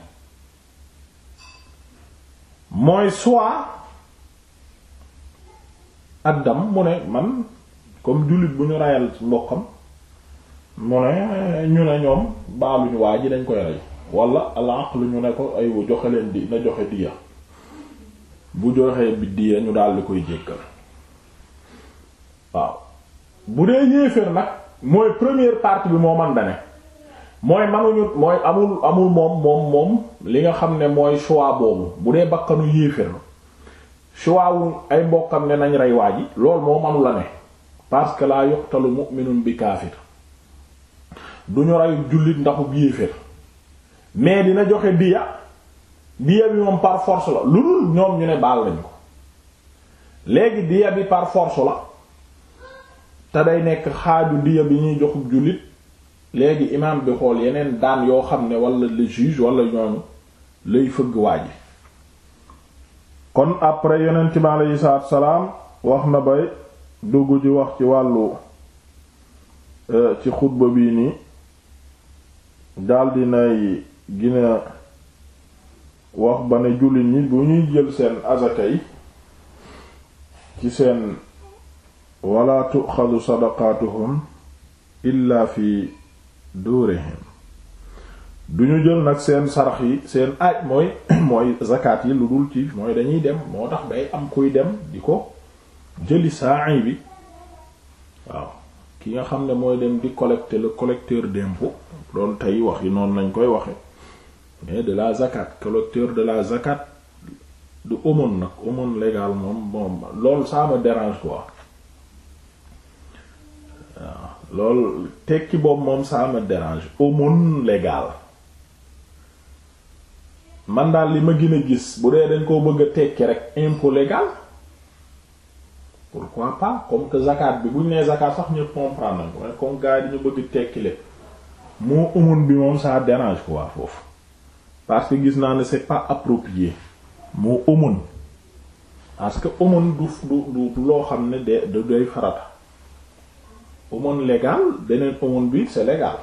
mooy soit addam mu ne man comme jullit bu ñu rayal mbokkam mu ne ñu ne ñoom baaluñu waa ji dañ koy rey wala alànq lu ñu ne ko ay wu joxe leen di na joxe diya bu joxee bi diya ñu daal di koy jékkal waaw bu dee yéeféer nag mooy première partie bi moo man da mooy manuñu mooy amul amul moom moom moom li nga xam ne mooy choix boobu bu dee bakkanu yéefér choix wu ay mbokkam ne nañ rey waa ji loolu moo manu la ne parce que laa yuqtalu mu'minun bi kaafir duñu reyu jullit ndaxub yéefér mais dina joxe diya diya bi moom par force la lu dul ñoom ñu ne baal lañu léegi diya bi par force la te day nekk xaaju diya bi ñuy joxub jullit léegi imaam bi xool yeneen daan yoo xam ne wala le juge wala ñooñu lay fëgg waaj kon après yonent bi aleyhi salaatu salaam wax na bay dugg di wax ci wàllu euh, ci xutba bii ni daldi nay gina wax ba ne jullit ñi bu ñuy jël seen azaka yi ci seen wala tuxadu sadaqaatuhum illa fi duurihim du ñu jël nag seen sarax yi seen aaj mooy mooy zakat yi lu dul ci mooy dañuy dem moo tax day am kuy dem di ko jëli sa'i bi waaw ki nga xam ne mooy dem di collecter le collecteur d'impôt loolu tey wax yi noonu lañ koy waxee mais de la zakat collecteur de la zakat du aumône nag aumône légal moom moom loolu ça me dérange quoi waaw loolu tekki boobu moom ça me dérange aumône légale man daal li ma gën a gis bu dee dañ koo bëgg tekki rek impôt légal pourquoi pas comme que zakat bi buñ nee zakat sax ñu comprendre ko mais comme gars dañu bëgg tekki le moo aumône bi moom ça dérange quoi foofu parce que gis naa ne c'est pas approprié moo aumône parce que aumône du du du loo xam ne de de farata aumône légale beneen aumône bi c'est légal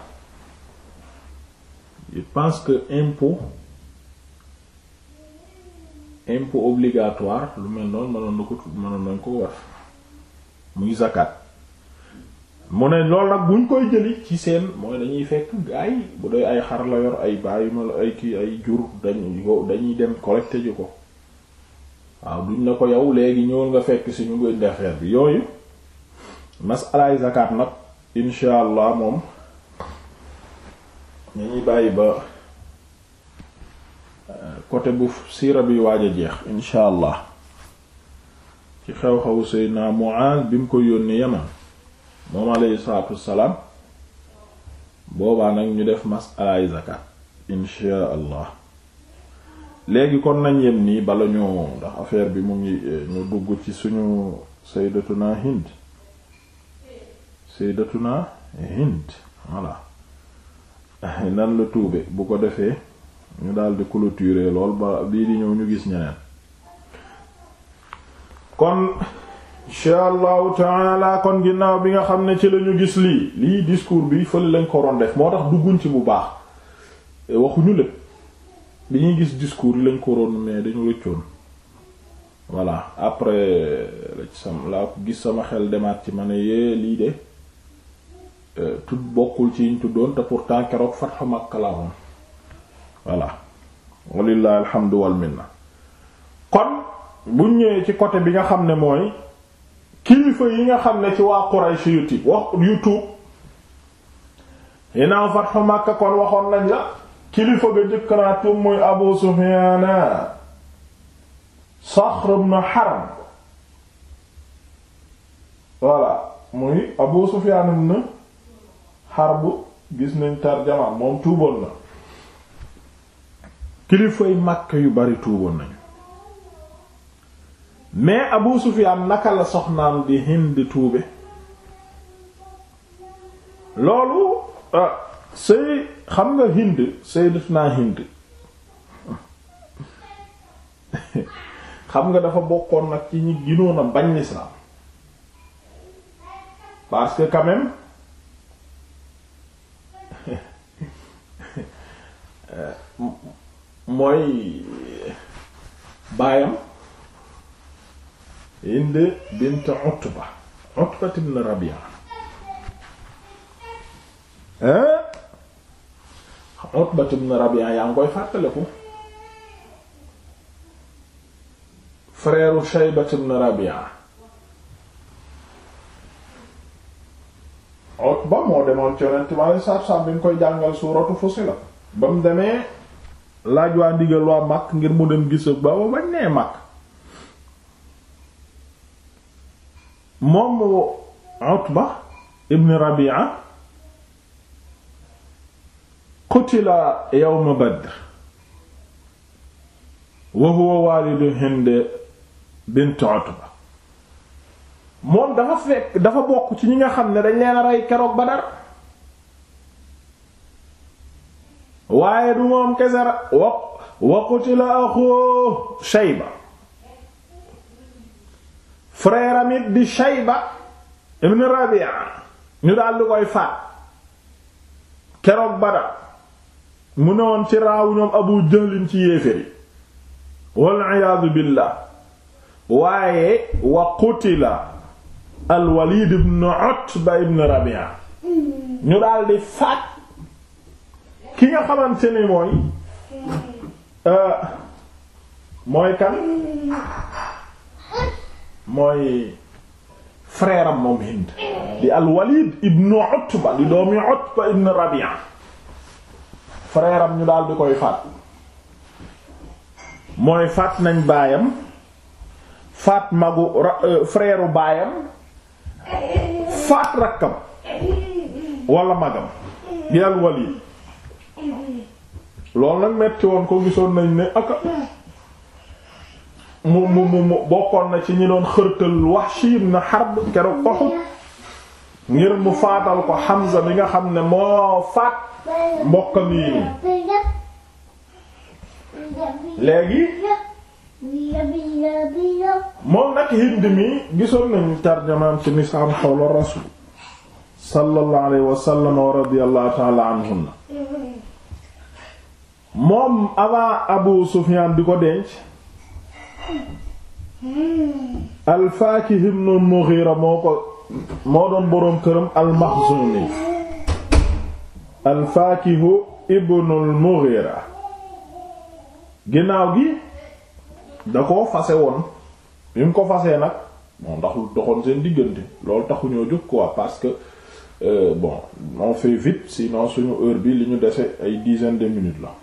je que impôt impôt obligatoire lu mel noonu mënoon na ko mënoon nañ ko war muy zakat mu ne loolu nag buñ koy jëli ci seen mooy dañuy fekk gaay bu ay xar ay bàyyi ay kii ay jur dañuy dañuy dem collecté ko waaw duñ la ko yow léegi ñëwal nga fekk si ñu ngi bi yooyu. masalaay zakat nag insha allah moom ñu ñuy bàyyi ba euh, côté bu siira bi waaj jeex insha allah ci xew-xewu Seydina Muaz bi mu ko yónni Yaman moom alayhi salaatu wassalaam boobaa nag ñu def masalaay zakat insha allah léegi kon nañ yem nii bala ñu ndax affaire bi mu ngi euh, ñu dugg ci suñu sayyidatuna Hind sayyidatuna Hind voilà nan la tuube bu ko defee ñu daldi clôturer lool ba bii di ñëw ñu gis ñeneen kon insha allahu taala kon ginnaaw bi nga xam ne ci lañu gis lii lii discours bi fële lañ ko doon def moo tax dugguñ ci bu baax waxuñu lépp li ñuy gis discours yi lañ ko doon mais dañu rëccoon voilà après la laa ko gis sama xel demaat ci ma ne yee lii de Euh, tudd bokkul ci yiñ tuddoon te pourtant keroog fatxu Makka la woon voilà walillahi alhamdu wal kon buñ ñëwee ci côté bi nga xam ne mooy kilifa yi nga xam ne ci waa Quraysh yu ti wax yu tuub inaaw fatxu Makka kon waxoon nañ la kilifa ga jëkk muy Abu Sufyaana Saxr ibn Harb voilà muy Abu Sufyaan ibn Harb gis nañ tarjama moom tuuboon na kilifay Makka yu bari tuuboon nañu mais Abu Sufyaan naka la soxnaam di Hind tuube loolu ah, sëy xam nga Hind sayyidatuna Hind xam nga dafa bokkoon nag ci ñi ginoon a bañ l'islam parce que quand Euh, mooy baayam Hind bint Utba Utba ibn Rabi'a Utba ibn Rabi'a yaa ngi koy fàttaliku frère Shayba ibn Rabi'a Utba moo demoon ci Yonent bi alayhi salaatu wa bi ñu koy jàngal suuratu Fussilat ba mu demee laaj waa ndigal waa mag ngir mu dem gis ba ba bañ nee mag moom Utba ibn Rabi'a qutila yawma Badr wa huwa waalidu Hind bint Utba moom dafa fekk dafa bokk ci ñi nga xam ne dañ leen a rey keroog Badar waaye du moom kese wa wa qutila axu Shayba frère amit di Shayba ibn Rabi'a ñu daal di koy faat keroog Badar mu ne woon ci raawu ñoom Abu Jahlin ci yéeféri wal billah waaye wa qutila al Walid ibn Utba ibn Rabi'a ñu daal di faat ki nga xamante ne mooy euh, mooy kan mooy frère moom Hind di al-Walid ibn Utba doomi Utba ibn Rabi'a frère ñu daal di koy faat mooy faat nañ baayam faat magu euh, frère baayam faat rakkam wala magam di al loolu nag metti woon ko gisoon nañ ni aka mu mu mu bokkoon na ci ñi doon xërtal Wahshi ibn Harb keroog Uhud ngir mu faatal ko Hamza bi nga xam ne moo faat mbokkam yi léegi moom nag Hind mi gisoon nañu tarjamaam ci Misaam xawla Rasuul sallallahu alayhi wa wa radiyallahu ta'ala anhunna moom avant Abu Sufyan di ko denc al mughira moo ko moo doon boroom këram al-Makhzumi al mughira ginnaaw gi da koo fase woon bi mu ko fasee nag moom ndax lu doxoon seen diggante loolu taxuñoo jóg ko parce que euh, bon on fait vite sinon suñu heure bi li ñu dese ay dizaine de minutes la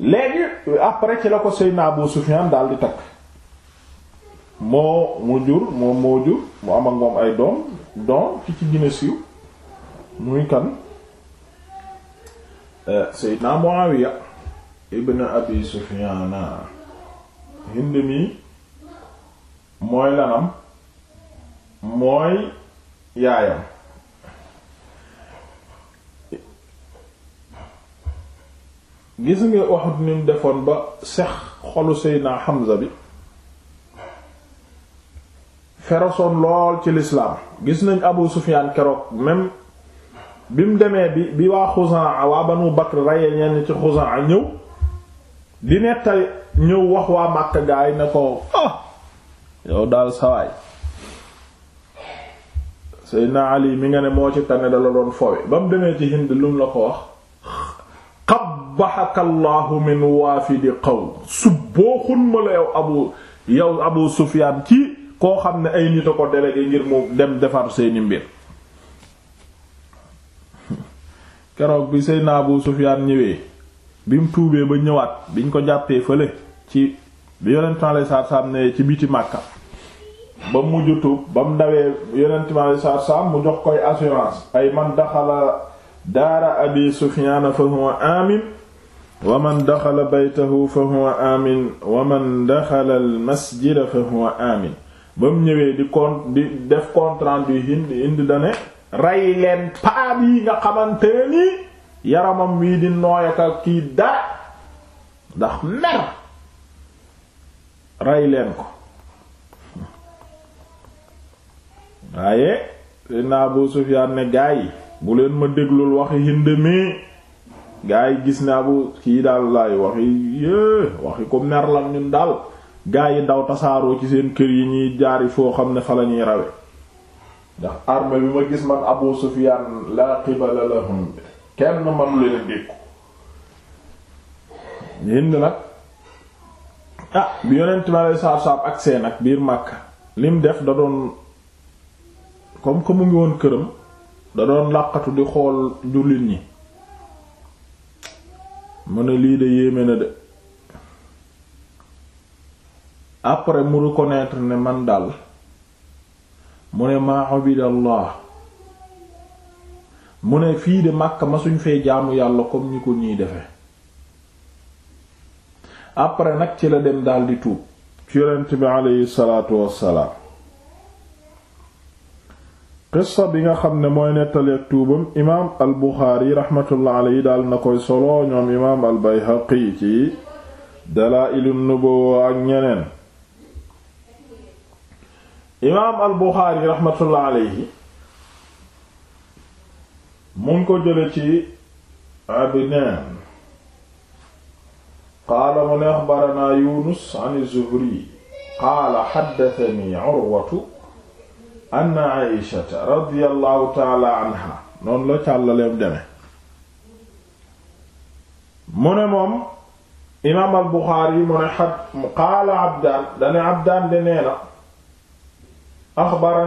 léegi après ci la ko Seydina Abu Sufyan daal di takk moo mu jur moom moo jur mu am ak moom ay doom doom ki ci gina siiw muy kan euh, Seydina Muawiya ibn Abi Sufyan Hind mi mooy lanam mooy yaayam gis nga Uhud ni mu defoon ba sex xolu Seydina Hamza bi ferosoon lool ci lislaam gis nañ Abu Sufyaan keroog même bi mu demee bi bi waa Xuzaa waa Banu Bakr reye ñenn ci Xuzaa ñëw di nettali ñëw wax waa Makka gaay ne ko ah, yow daal sawaay Seydina Ali mi nga ne moo ci tane dala doon foowe ba mu demee ci Hind lu mu la ko wax qabbahaka allahu min waafidi qawm su boo xunma la yow abu yow abu sufyaan ci koo xam ne ay nit a ko délégué ngir mu dem defar seeni mbir keroog bi seyna abu sufyaan ñëwee bi mu tuubee ba ñëwaat biñ ko jàppee fële ci bi yonent ma lay saar-saam ne ci biti màkka ba mu mujj tuub ba mu dawee yonent ma lay saar-saam mu jox koy assurance ay man daxala daara abi sufyaan fa huwa amin waman daxala baytahu fa huwa amin waman daxala fa huwa amin ba mu ñëwee di kon di def compte rendu indi indi dane rey leen paab yi nga xamante ni yaramam wii di nooyaka kii dara ndax mer rey leen ko waaye naa Abu Sufyaan ne gaa yi bu leen ma déglul wax Hind mi gaa yi gis ne abu kii daal laay waxi yée waxi ko mer la ñun daal gaa yi daw tasaaroo ci seen kër yi ñuy jaari foo xam ne fa la rawe ndax arme bi ma gis man abu sufiyaan laa qibala lahum bi kenn manu leen dékku hind nag ah bi yonent ma lay saab saab ak seen biir Makka lim def da doon comme que mu ngi woon këram da doon làqatu di xool jullit ñi mu ne lii de yéeme na de après mu reconnaître ne man daal mu ne maa abidallah mu ne fii de Makka ma suñ fee jaamu yàlla comme ñu ko ñuy defe après nag ci la dem daldi di tuub ci yonent bi aleyhi salaatu wassalaam qissa bi nga xam ne mooy nettaleeg tuubam imaam al buxaari raxmatullaa aleyhi daal na koy solo ñoom imaam al bayhaqi ci dalaa'ilu nubuwwa ak ñeneen imaam al buxaari raxmatullaa aleyhi ko jële ci abnaan qaala mu axbaranaa yunus an zuhri qaala xaddatani urwatu anna aishata radiallahu taala anha noonu la càllaleem deme mu ne moom imaam al buxaari mu ne qaala abdaan dane abdaan de nee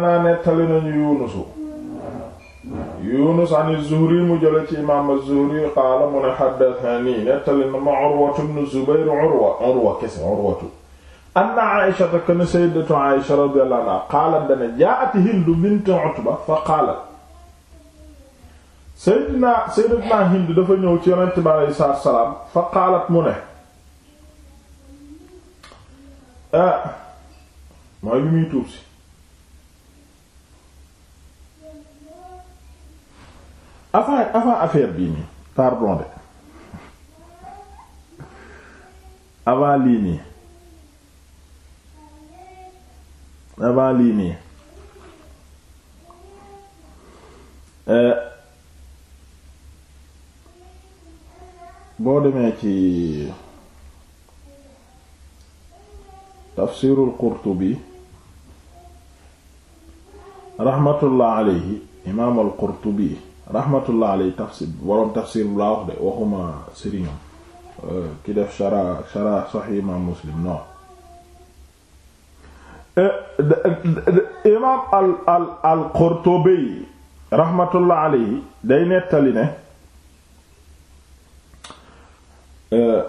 na nettali nañu yuunusu yunus an zuhri mu jële ci imaam zuhri qaala mu ne xaddatanii nettali na ma urwatu bnu zubayr urwa urwa kese urwatu anna Aïsha kana sayyidatu Aïsha radiyallahu anha qaalat dana jaa'at Hind bint Utba fa qaalat sayyidina sayyidatuna Hind dafa ñëw ci Yonent bi alayhi salaatu salaam fa qaalat mu ne mooy bi muy tuub si avant avant affaire bii nii pardon de avant lii nii avant lii boo demee ci tafsirul qurtubi rahmatullah alayhi imaamul qurtubi rahmatullah alayhi tafsir boroom wax de waxuma sëriñam ki def shara shara sahih muslim non Eh, imaam al al al Qurtubi rahmatullah alayhi day nettali ne eh,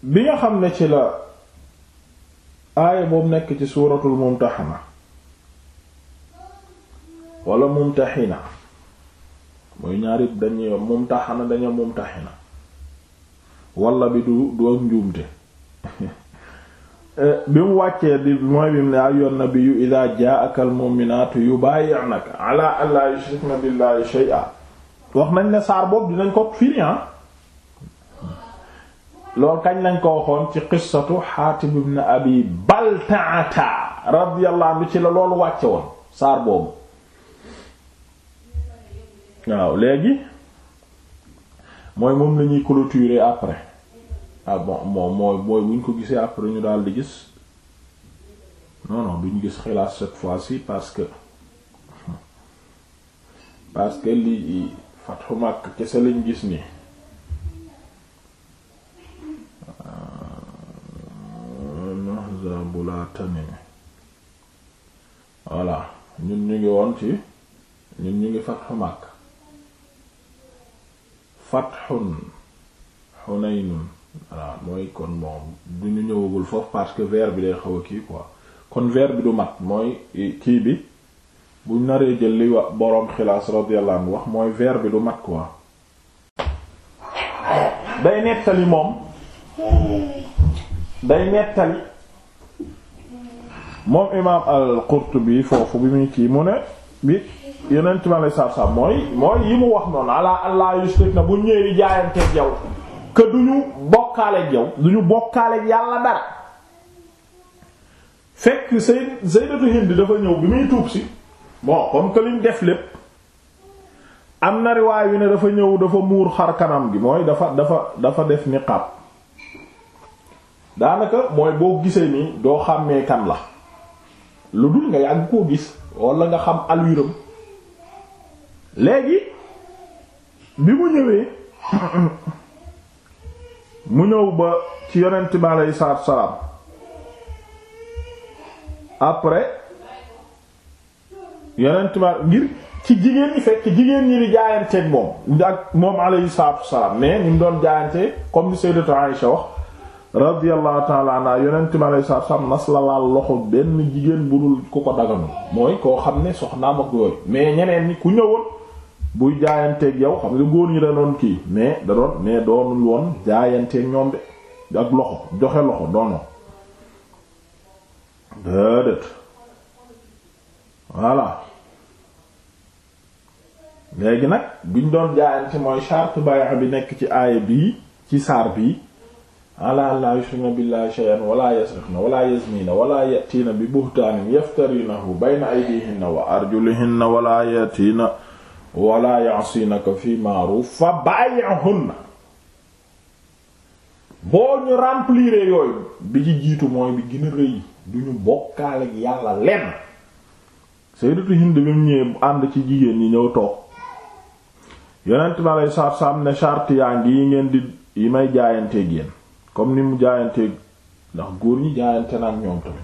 bi nga xam ne ci la aaye boobu nekk ci suuratul mumtaxana wala mumtaxina mooy ñaari dañuy mumtaxana dañu mumtaxina wala bi du du njuumte Eh, bi mu wàccee di mooy bi mu ne ayyuhan nabiyyu idhaa jaa'aka al-mu'minaatu yubaayi'naka 'alaa allaa yushrikna billaahi shay'an wax nañ ne saar boobu dinañ ko firi ah. loolu kañ lañ ko waxoon ci qissatu Haatib ibn Abi Baltaata radiyallahu anhu ci la loolu wàcce woon saar boobu waaw léegi mooy moom lañuy clôturer après ah bon moo mooy bu ñu ko gisee après ñu daal di gis non non gis xilaas cette fois-ci parce que parce que lii fatxu Makka kese lañ gis nii mahzabu voilà ñun ñu ngi woon ci ñun ñu ngi fatxu Makka fatxun xunaynun voilà mooy kon moom du ñu ñëwagul foofu parce que verbe bi day xaw a kii quoi kon verbe bi du mat mooy kii bi bu naree jël li wa boroom xilaas radiyallahu anhu wax mooy verbe bi du mat quoi. day nettali moom day nettali moom imaam al-Qurtubi foofu bi muy kii mu ne bi yeneen ci ma lay saabsaab mooy mooy yi mu wax noonu ala allah yusrik na bu ñëwee jaayanteeg yow. que du ñu bokkaale yow du yàlla dara fekk say sayyidatu Hind dafa ñëw bi muy tuub si bon comme que def lépp am na riwaay yu ne dafa ñëw dafa muur xar kanam gi mooy dafa dafa dafa def niqab daanaka mooy boo gisee nii doo xàmmee kan la lu dul nga yàgg koo gis walla nga xam alwiram léegi bi mu ñëwee mu ñëw ba ci yonent bi aleyhi salaatu wa salaam après yonent bi ngir ci jigéen ñi fekk jigéen ñi di jaayanteeg moom ak moom aleyhi salaatu wa salaam mais ni mu doon jaayante comme ni Sayyidatu Aïsha wax sa ta'ala anha yonent bi aleyhi salaam nas la laal loxo benn jigéen bu dul ku ko daganul mooy koo xam ne soxnaam ak yooyu mais ñeneen ñi ku ñëwoon. buy jaayanteeg yow xam nga góor yi da doon kii mais da doon mais doonul woon jaayanteeg ak loxo joxe loxo doono déedéet voilà léegi nag biñ doon jaayante mooy charte bay'a bi nekk ci aaya bii ci saar bii ala la yushrina billahi shay'an wala yasrifna wala yazmina wala yatina bi buhtaanin yaftarinahu bayna aydihinna wa arjulihinna wala yatina wala ya'sinaka fi ma'ruf fa bàyyahunna boo ñu remplir yooyu bi ci jiitu mooy bi gën a rëy du ñu bokkaale yàlla lenn sayyidatu Hind bi mu ñëwee ànd ci jigéen ñi ñëw toog yonent bi aleyhi yi ngeen di yi may jaayanteeg yéen comme ni mu jaayanteeg ndax góor ñi jaayante na ak ñoom tamit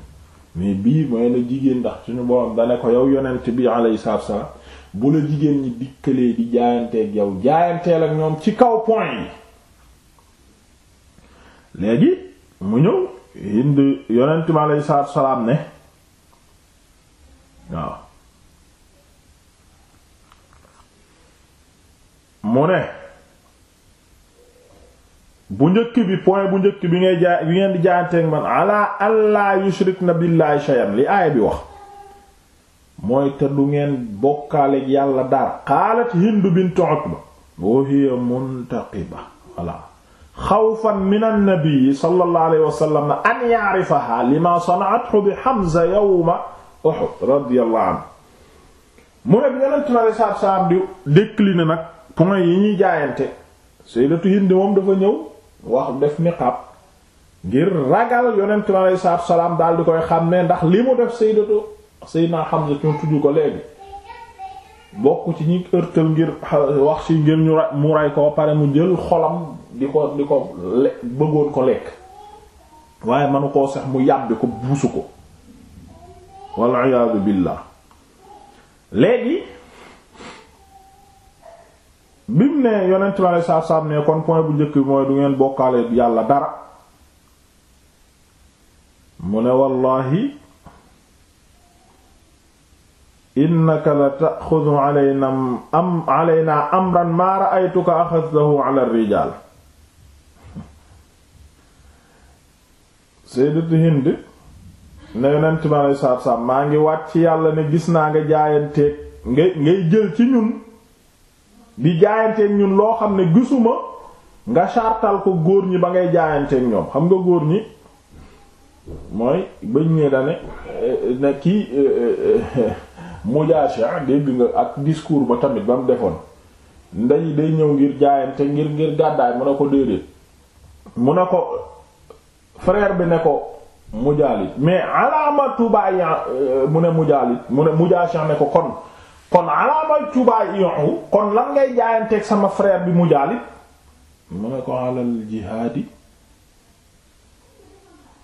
mais jigéen ndax suñu borom da ko yow yonent bi aleyhi salaatu bu la jigéen ñi dikkalee di jaayanteeg yow jaayanteel ak ñoom ci kaw point yi léegi mu ñëw Hind yonent mi salaam ne waaw mu ne bu njëkk bi point bu njëkk bi ngay jaay bi ngeen man ala allah yushrik na billahi shay'an li aaya bi wax mooy te du ngeen bokkaale yàlla dara xaalat hindu bint utba wa hiya muntaqiba wala xawfan min annabii sallallahu alayhi wa sallam an ya'rifaha lima sana'athu bi hamza yawma uhud radiyallahu anhu mu ne bi yonent mi alayhi salaam di décliner nag point yi ñuy jaayante sayyidatu hind moom dafa ñëw wax def niqaab ngir ragal yonent mi alayhi salaam daal di koy xam ne ndax li mu def sayyidatu Seydina Hamza ñu tudd ko léegi bokk ci ñi ërtal ngir wax si ngir ñu ra mu ray ko pare mu jël xolam di ko di ko le bëggoon ko lekk waaye manu koo sax mu yàbbi ko buusu ko wal iyaadu billaah léegi bim ne yonent bi alei saatu ne kon point bu njëkk bi mooy du ngeen bokkaale yàlla dara mu ne wallaahi innaka la taaxudu alayna am alayna amran maa ra'aytuka axadtahu ala rijaal sayyidatu hind ne yonent bi aleyhi salaatu salaam maa ngi wàcc yàlla ne gis naa nga jaayanteeg ngay ngay jël ci ñun di jaayanteeg ñun loo xam ne gisuma nga sartal ko góor ñi ba ngay jaayanteeg ñoom xam nga góor ñi mooy bañ eh, eh, ne dane na kii eh, Mujaashi ah, dégg nga ak discours ba tamit ba mu defoon ndey day ñëw ngir jaayante ngir ngir gàddaay mu ne ko déedéet mu ne ko frère bi ne ko mujaalit mais alaamatu bàyyi euh, mu ne mujaalit mu ne Mujaashi ne ko kon kon alaamatu kon lan ngay jaayanteeg sama frère bi mujaalit mu ne ko alal jihaadi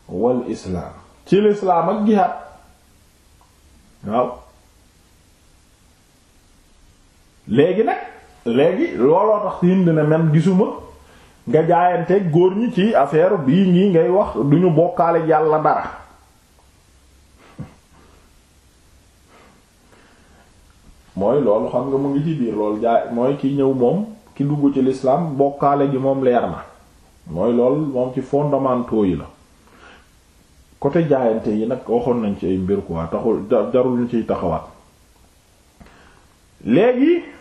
wal ci lislaam ak jihaad waaw léegi nag léegi looloo tax Hind ne même gisuma nga jaayanteeg góor ñi ci affaire bii ngi ngay wax duñu bokkaale yàlla dara mooy loolu xam nga mu ngi ci biir loolu jaay mooy ki ñëw moom ki dugg ci lislaam bokkaale gi moom leer na mooy loolu moom ci fondamentaux yi la côté jaayante yi nag waxoon nañ ci ay mbir quoi taxul jarul ñu ciy taxawaat léegi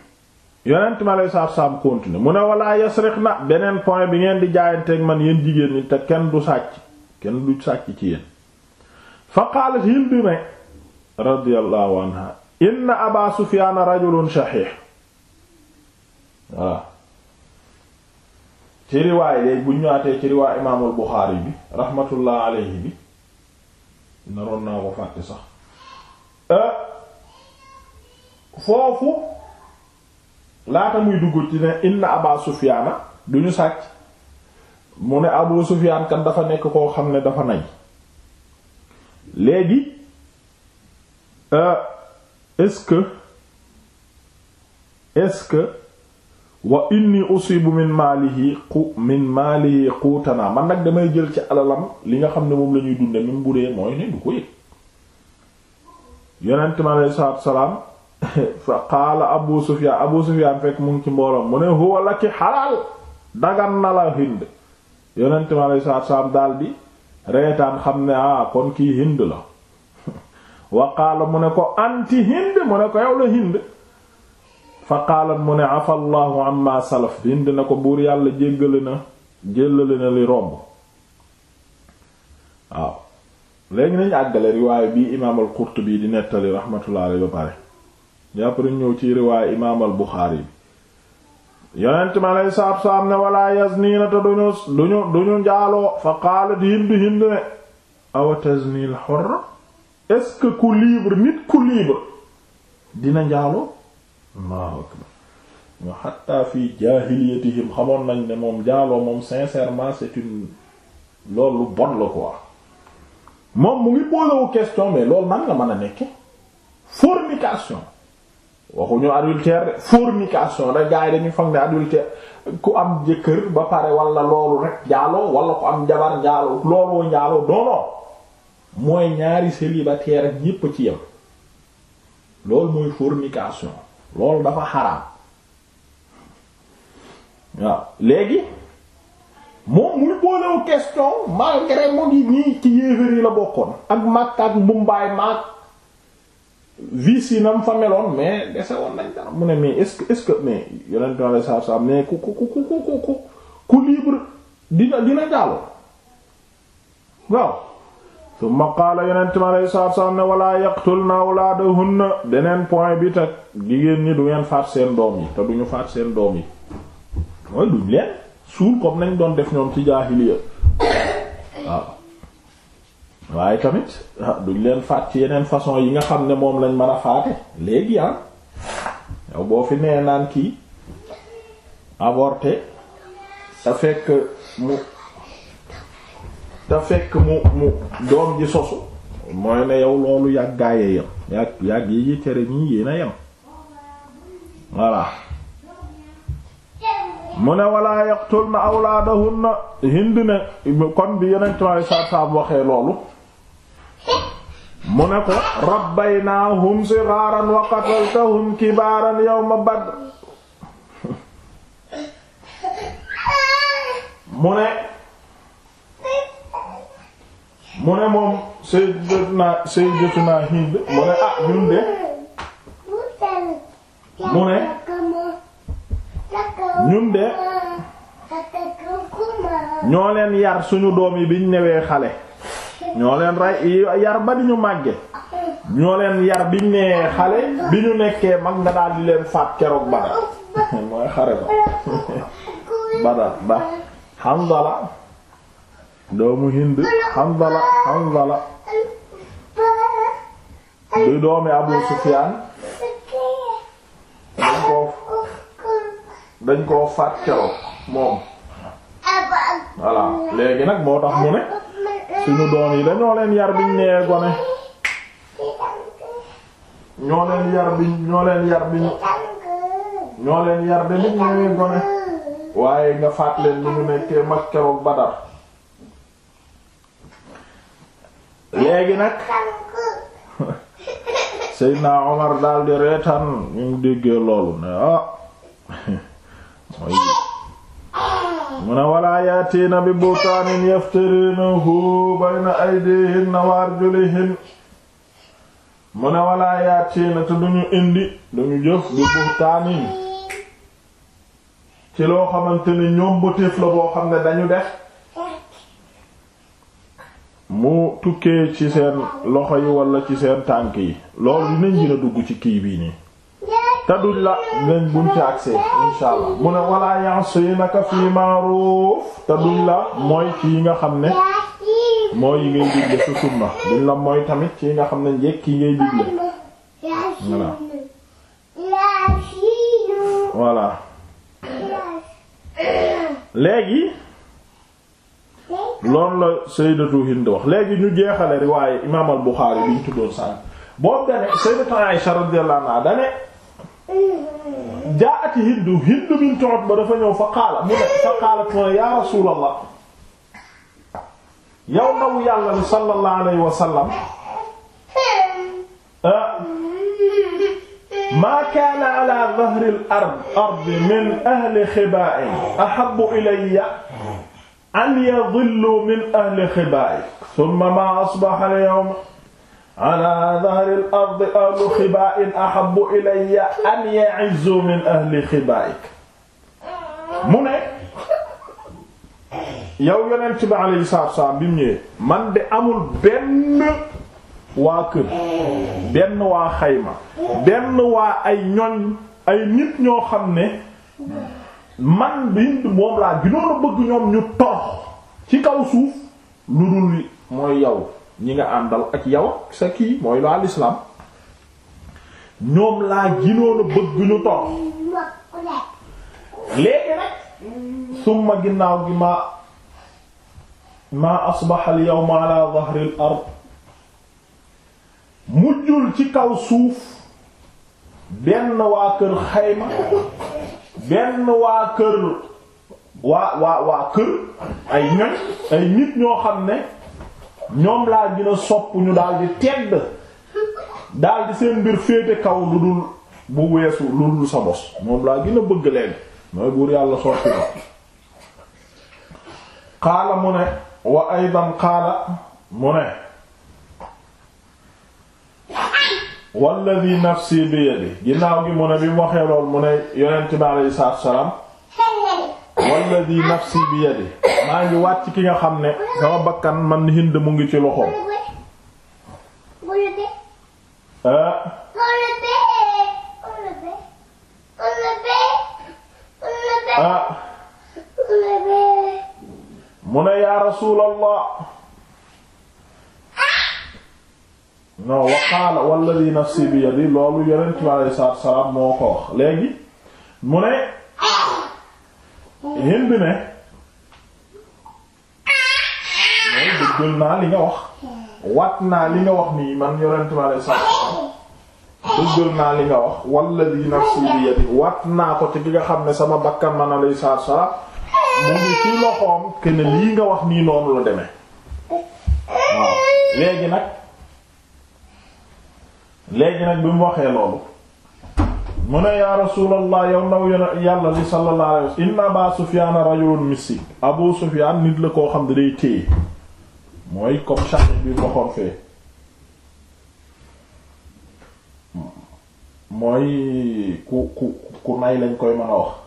yonent ma lay saab saab continuer mu ne walla yasriq na beneen point bi ngeen di jaayanteeg man yéen jigéen ñi te kenn du sàcc kenn du sàcc ci yéen fa qaalat hind ne radiyallahu anha inna aba sufyaan rajulun shahiih waaw ci riwaay léegi bu ñëwaatee ci riwaay imaamul Buxaari bi rahmatullah alayhi bi naroon naa ko fàtte sax euh, foofu laata muy dugg ci ne inna aba sufiaana du ñu sàcc mu ne abu sufiyaan dafa nekk koo xam ne dafa nay léegi euh, est-ce que est-ce que wa inni usibu min maalihi qu min maalihi quutanaa man nag damay jël ci alalam li nga xam ne moom la ñuy dunde même bu dee mooy ne du ko yëg yonent mi aleyhi salaam fa qaala abu sufiyaan fekk mu ngi ci mbooloom mu ne huwa laki xalaal dagan na la hind yonent mi alayhi salaatu salaam reetaan xam ne ah kon kii hind la wa qaala mu ne ko anti hind mu ne ko yow la hind fa qaalat mu ne afa allahu amma salaf hind na ko buur yàlla jéggale na jéllale na li romb waaw léegi nañu àggale riwaaye bii imaam al-Qurtubi di nettali raxmatullahi alayhi ba après ñëw ci riwaay imaam al Buxaari bi yonent ma lay saab saab ne walaa yazniina te duñu duñu njaaloo fa qaalat Hind Hind ne awa tazni al hurr est que ku libre nit ku libre dina njaaloo Allahu akbar ñu xatta fi jaahiliyatihim xamoon nañ ne moom njaaloo moom sincèrement c'est une loolu lu bon la quoi moom mu ngi posé question mais loolu man nga mën a nekke fornication waxuñu adultère de fornication da gars yi dañuy foog ne ku am jëkkër ba pare wala loolu rek njaaloo wala ku am jabar njaaloo looloo njaaloo doonoon mooy ñaari célibataire ak ñépp ci yem loolu mooy fornication loolu dafa xaraam waaw léegi moom muy boolewu question malgré mu ngi nii ci yéeféer yi la bokkoon ak Makka ak Mumbaay Makka vis yi nam fa meloon mais dese nañ dara mu ne mais est-ce que ce que mais yonent ma la saab saab mais ku ku ku ku ku libre dina dina jàll waaw summa qaala yonent ma lay saab saab ne wala yaqtulna awlaadahunna beneen point bi tak jigéen ñi du ngeen faat seen doom yi te du ñu faat seen doom yi mooy duñ leen suul comme nañ doon def ñoom ci jaahiliya waaw waaye tamit ah, duñ leen faat ci yeneen façon yi nga xam ne moom lañ mën a faate léegi ah yow boo fi nee naan kii avorté te fekk mu te fekk mu mu doom ji sosu mooy ne yow loolu yàggaaye yam yàgg yàgg yi yi tere ñii yéen a yam voilà mu ne walaa yaqtulna awlaadahunna hind ne kon bi yeneen time saa saam waxee loolu mu ne ko rabbaynaahum sighaaran wa qataltahum kibaaran yawma badr mu ne mu ne moom sayyidatuna sayyidatuna Hind mu ne ah ñun de ñun de ñoo leen yar suñu doom yi biñ newee xale ñoo leen rey yar ba di ñu màgge ñoo leen yar biñ nee xale bi ñu nekkee mag nga daal di leen faat keroog Badar mooy xare ba Badar ba Hanzala doomu Hind Hanzala Hanzala du doomi Abu Sufyaan dañ koo dañ koo faat keroog moom voilà léegi nag moo tax mu ne suñu doom yi dañoo leen yar biñ nee gone ñoo leen yar biñ ñoo leen yar biñ ñoo leen yar biñ ñëwee gone waaye nga faat leen ñu nekkee mag keroog Badar léegi nag Seydina Omar daal di reetaan ñu déggee loolu ne ah mooy mu ne walaa yaatiina bi buhtaanin yaftarinahu na aydihinna wa arjulihin mu ne walaa yaatiina te duñu indi duñu jëf bi buhtaanin ci loo xamante ni ñoom bu la boo xam ne dañu def mu tukkee ci seen loxo yi wala ci seen tànk yi loolu dinañ gën dugg ci kii bii nii te duñ la ngañ buñ ci accès insha allah mu ne walaa ya'sinaka fi ma'ruf te duñ la mooy ci yi nga xam ne mooy yi ngay digle su sunna duñ la mooy tamit ci yi nga xam ne njekk yi ngay digle voilà voilà léegi loolu la sayyidatu Hind wax léegi ñu jeexale riwaaye imaam al Buxaari bi ñu tuddoon boobu dane sayyidatu Aisha radiyallahu anha dane jaa'at Hindu Hindu bint Utba dafa ñëw fa qaala mu ne fa qaalat mu ne yaa rasuulallah yow ndaw yàlla li sallallahu alayhi wa sallam ah, maa kaana ala dahri al-ard min ahli xibaa'in ahabbu ilayya an yadillu min ahli xibaa'in thumma maa asbaha al-yawm ala dahril ardi ahlu xibaa'in mu ne yow yonent bi alayhi salaatu wassalaam bi mu ñëwee man de amul benn waa kër benn waa xayma benn waa ay ñoñ ay nit ñoo xam ne man bi moom laa ginoon bëgg ñoom ñu torox ci kaw suuf lu dul mooy yow ñi nga àndal ak yow sa kii mooy lu al islam ñoom laa ginoon bëgg ñu toog léegi nag summa ginnaaw gi maa ma asbaxa al yawma ala dhahri ard mujjul ci kaw suuf benn waa kër xayma benn waa kër waa waa waa kër ay ñoñ ay nit ñoo xam ne ñoom laa gina a sopp ñu daal tedd daal seen mbir féete kaw lu dul bu weesu lu dul sa bos moom laa gën a bëgg leen mooy buur yàlla soppi ko xaala mu ne wa aydan xaala mu ne walladi nafsi bi yadi gi mu ne bi mu waxee lool mu ne yonent bi aleyhi salaatu salaam walladi nafsi bi yadi maa ngi waat ki nga xam ne sama bakkan man Hind mu ngi ci loxoom ah. Ah. mu ne yaa rasuulallah non waqaala walladi nafsi bi yadi loolu yonent bi alayhi salaatu salaam moo ko léegi mu ne Hind ne mooy dëggal naa li nga wax wat naa li nga wax nii man yonent ma lay sax dëggal naa li nga wax walladi nafsi bi yadi wat naa ko ci ki nga xam ne sama bakkan man a lay sax sax mu ngi ci loxoom kenn lii nga wax nii noonu la deme léegi nag léegi nag bi mu waxee loolu mu ne yaa rasulallah yow ndaw yàlla li sallallahu alayhi wa sallam inna Aba Sufyaan rajulun miskin Abu Sufyaan nit la koo xam ne day téye mooy comme chapitre bi waxoon fee mooy ku ku ku nay lañ koy mën a wax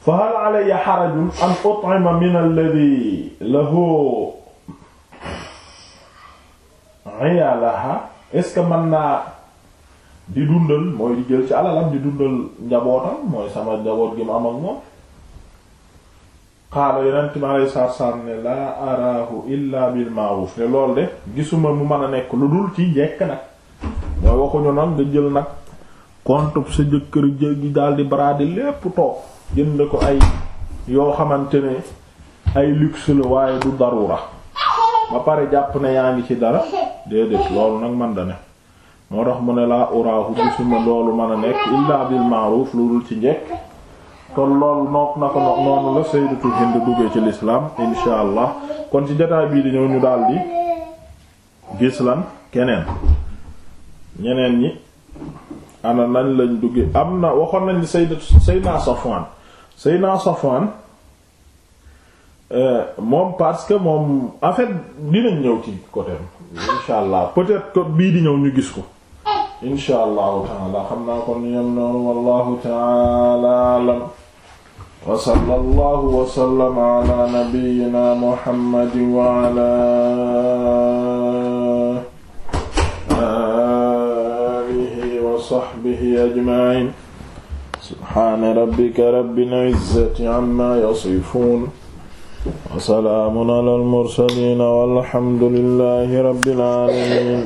fa hal alayya harajun an ut'ima min alladhi lahu iyaalaha est-ce que mën naa di dundal mooy di jël ci alalam di dundal njabootam mooy sama njaboot gi ma am ak moom xaala yonent ma lay saar ne laa arahu illa bil ma'ruf ne loolu de gisuma mu man a nekk lu dul ci njekk nag mooy waxuñu nag nga jël nag compte sa jëkkër gi daal di baraade lépp toog jënd ko ay yoo xamante ne ay luxe la waaye du darura ba pare jàpp ne yaa ngi ci dara déedéet loolu nag man da ne moo tax mu ne laa uraahu gisuma loolu mën a nekk illaa bil ma'ruf lu dul ci njekk kon loolu nook na ko noonu la sayyidatu Hind duggee ci lislaam insha allah kon ci jotaay bii di ñëw ñu daldi gis lan keneen ñeneen ñi ana nañ lañ duggee am na waxoon nañ sayyidatu sayyidna Safwan sayyidna Safwan euh, moom parce que moom en fait dinañ ñëw ci côté insha allah peut-être bii di ñëw ñu gis ko insha allahu taala xam naa kon yem noonu wallahu taala alam wa sallallahu wa sallama ala nabiyyina muhammadin wa ala alihi wa sahbihi ajma'in subhana rabbika rabbil izzati amma yasifun wa salaamun ala al mursalin walhamdulillahi rabbil alamin